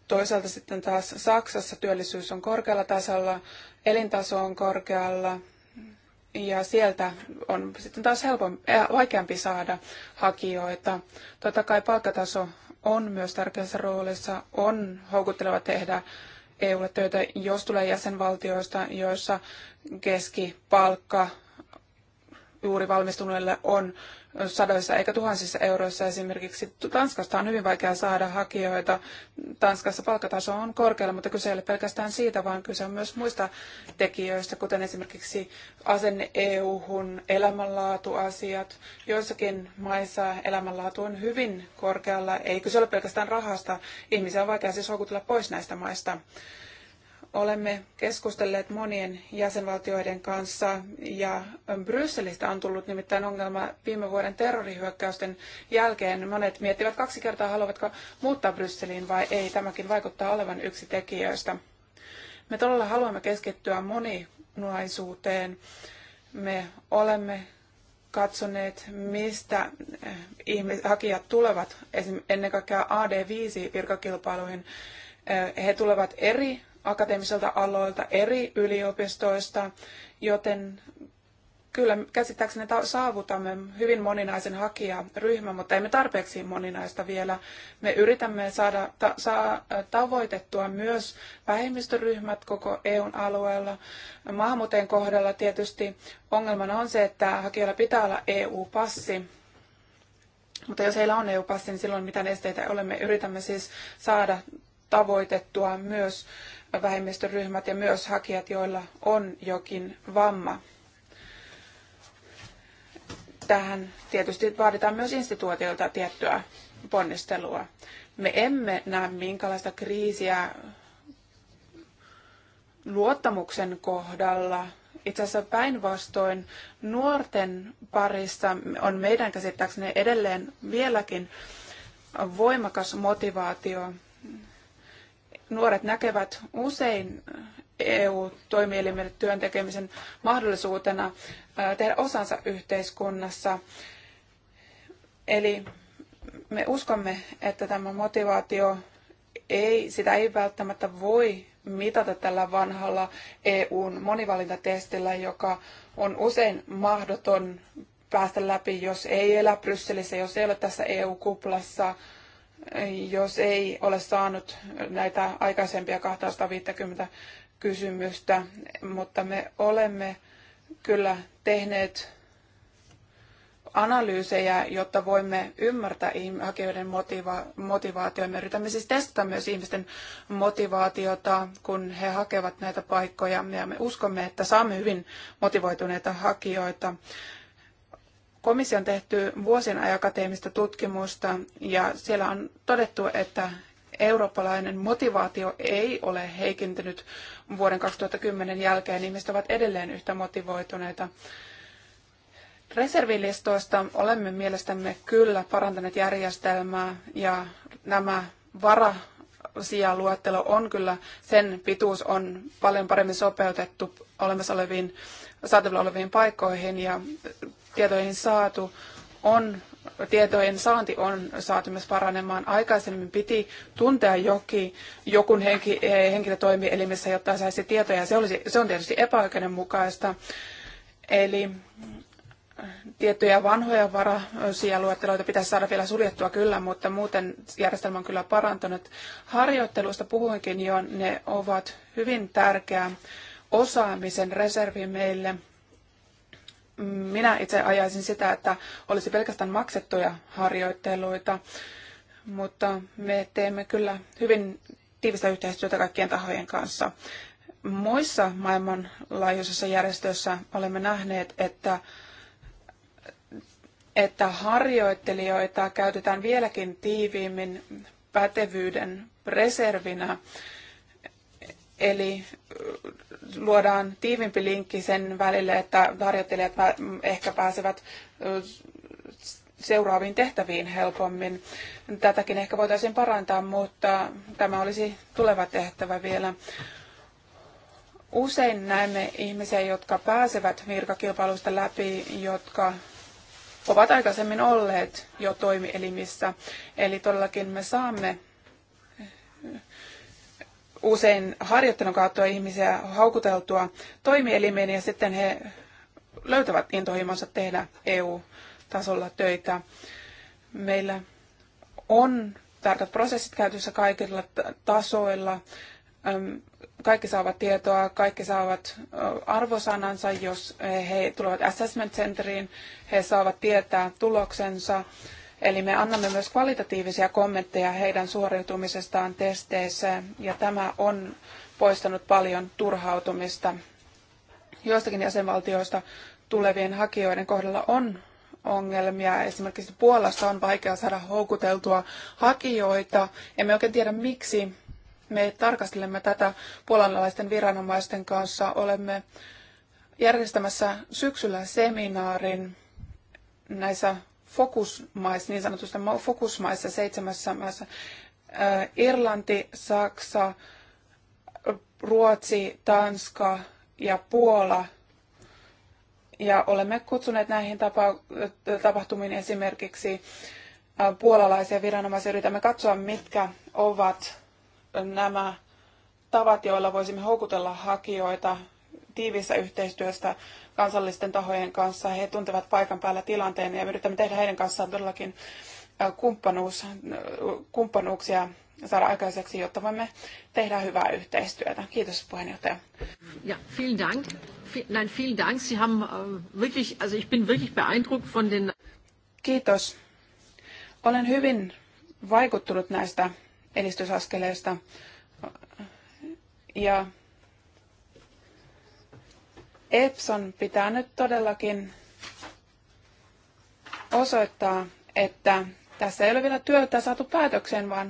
toisaalta sitten taas Saksassa työllisyys on korkealla tasolla, elintaso on korkealla ja sieltä on sitten taas helpom, eh, vaikeampi saada hakijoita. Totta kai palkkataso on myös tärkeässä roolissa, on houkutteleva tehdä EUlle töitä, jos tulee jäsenvaltioista, joissa keskipalkka juuri valmistuneelle on sadoissa eikä tuhansissa euroissa. Esimerkiksi Tanskasta on hyvin vaikea saada hakijoita. Tanskassa palkkataso on korkealla, mutta kyse ei ole pelkästään siitä, vaan kyse on myös muista tekijöistä, kuten esimerkiksi asenne EU-hun, elämänlaatuasiat. Joissakin maissa elämänlaatu on hyvin korkealla. Ei kyse ole pelkästään rahasta. Ihmisiä on vaikea siis houkutella pois näistä maista. Olemme keskustelleet monien jäsenvaltioiden kanssa ja Brysselistä on tullut nimittäin ongelma viime vuoden terrorihyökkäysten jälkeen. Monet miettivät kaksi kertaa, haluavatko muuttaa Brysseliin vai ei. Tämäkin vaikuttaa olevan yksi tekijöistä. Me todella haluamme keskittyä moninaisuuteen. Me olemme katsoneet, mistä eh, hakijat tulevat, ennen kaikkea AD5-virkakilpailuihin. Eh, he tulevat eri akateemisilta aloilta eri yliopistoista, joten kyllä käsittääkseni saavutamme hyvin moninaisen hakijaryhmän, mutta emme tarpeeksi moninaista vielä. Me yritämme saada ta- saa tavoitettua myös vähemmistöryhmät koko EUn alueella. Maahanmuuteen kohdalla tietysti ongelmana on se, että hakijoilla pitää olla EU-passi, mutta jos heillä on EU-passi, niin silloin mitään esteitä olemme yritämme siis saada tavoitettua myös vähemmistöryhmät ja myös hakijat, joilla on jokin vamma. Tähän tietysti vaaditaan myös instituutioilta tiettyä ponnistelua. Me emme näe minkälaista kriisiä luottamuksen kohdalla. Itse asiassa päinvastoin nuorten parissa on meidän käsittääkseni edelleen vieläkin voimakas motivaatio nuoret näkevät usein EU-toimielimille työn tekemisen mahdollisuutena tehdä osansa yhteiskunnassa. Eli me uskomme, että tämä motivaatio ei, sitä ei välttämättä voi mitata tällä vanhalla EUn monivalintatestillä, joka on usein mahdoton päästä läpi, jos ei elä Brysselissä, jos ei ole tässä EU-kuplassa, jos ei ole saanut näitä aikaisempia 250 kysymystä, mutta me olemme kyllä tehneet analyysejä, jotta voimme ymmärtää hakijoiden motiva- motivaatioon. Me yritämme siis testata myös ihmisten motivaatiota, kun he hakevat näitä paikkoja. Ja me uskomme, että saamme hyvin motivoituneita hakijoita. Komission tehty vuosien ajan akateemista tutkimusta ja siellä on todettu, että eurooppalainen motivaatio ei ole heikentynyt vuoden 2010 jälkeen. Ihmiset ovat edelleen yhtä motivoituneita. Reservilistoista olemme mielestämme kyllä parantaneet järjestelmää ja nämä vara luettelo on kyllä, sen pituus on paljon paremmin sopeutettu olemassa oleviin, saatavilla oleviin paikkoihin ja tietoihin saatu on, tietojen saanti on saatu myös paranemaan. Aikaisemmin piti tuntea jokin, jokun henki, eh, henkilö toimielimessä, jotta saisi tietoja. Se, olisi, se on tietysti epäoikeudenmukaista. Eli eh, tiettyjä vanhoja varasia luetteloita pitäisi saada vielä suljettua kyllä, mutta muuten järjestelmä on kyllä parantunut. Harjoittelusta puhuinkin jo, ne ovat hyvin tärkeä osaamisen reservi meille – minä itse ajaisin sitä, että olisi pelkästään maksettuja harjoitteluita, mutta me teemme kyllä hyvin tiivistä yhteistyötä kaikkien tahojen kanssa. Muissa maailmanlaajuisissa järjestöissä olemme nähneet, että, että harjoittelijoita käytetään vieläkin tiiviimmin pätevyyden reservinä Eli luodaan tiivimpi linkki sen välille, että harjoittelijat ehkä pääsevät seuraaviin tehtäviin helpommin. Tätäkin ehkä voitaisiin parantaa, mutta tämä olisi tuleva tehtävä vielä. Usein näemme ihmisiä, jotka pääsevät virkakilpailusta läpi, jotka ovat aikaisemmin olleet jo toimielimissä. Eli todellakin me saamme usein harjoittelun kautta ihmisiä haukuteltua toimielimiin ja sitten he löytävät intohimonsa tehdä EU-tasolla töitä. Meillä on tarkat prosessit käytössä kaikilla tasoilla. Kaikki saavat tietoa, kaikki saavat arvosanansa, jos he tulevat assessment centeriin, he saavat tietää tuloksensa Eli me annamme myös kvalitatiivisia kommentteja heidän suoriutumisestaan testeissä, ja tämä on poistanut paljon turhautumista. Joistakin jäsenvaltioista tulevien hakijoiden kohdalla on ongelmia. Esimerkiksi Puolassa on vaikea saada houkuteltua hakijoita. Emme oikein tiedä miksi. Me tarkastelemme tätä puolalaisten viranomaisten kanssa. Olemme järjestämässä syksyllä seminaarin näissä fokusmaissa, niin sanotusta fokusmaissa, seitsemässä maassa, äh, Irlanti, Saksa, Ruotsi, Tanska ja Puola. Ja olemme kutsuneet näihin äh, tapahtumiin esimerkiksi äh, puolalaisia viranomaisia. Yritämme katsoa, mitkä ovat nämä tavat, joilla voisimme houkutella hakijoita tiivissä yhteistyöstä kansallisten tahojen kanssa. He tuntevat paikan päällä tilanteen ja yritämme tehdä heidän kanssaan todellakin kumppanuus, kumppanuuksia saada aikaiseksi, jotta voimme tehdä hyvää yhteistyötä. Kiitos puheenjohtaja. Ja, vielen Dank. Nein, vielen Dank. Sie haben äh, wirklich, also ich bin wirklich beeindruckt von den... Kiitos. Olen hyvin vaikuttunut näistä edistysaskeleista ja Epson pitää nyt todellakin osoittaa, että tässä ei ole vielä työtä saatu päätökseen, vaan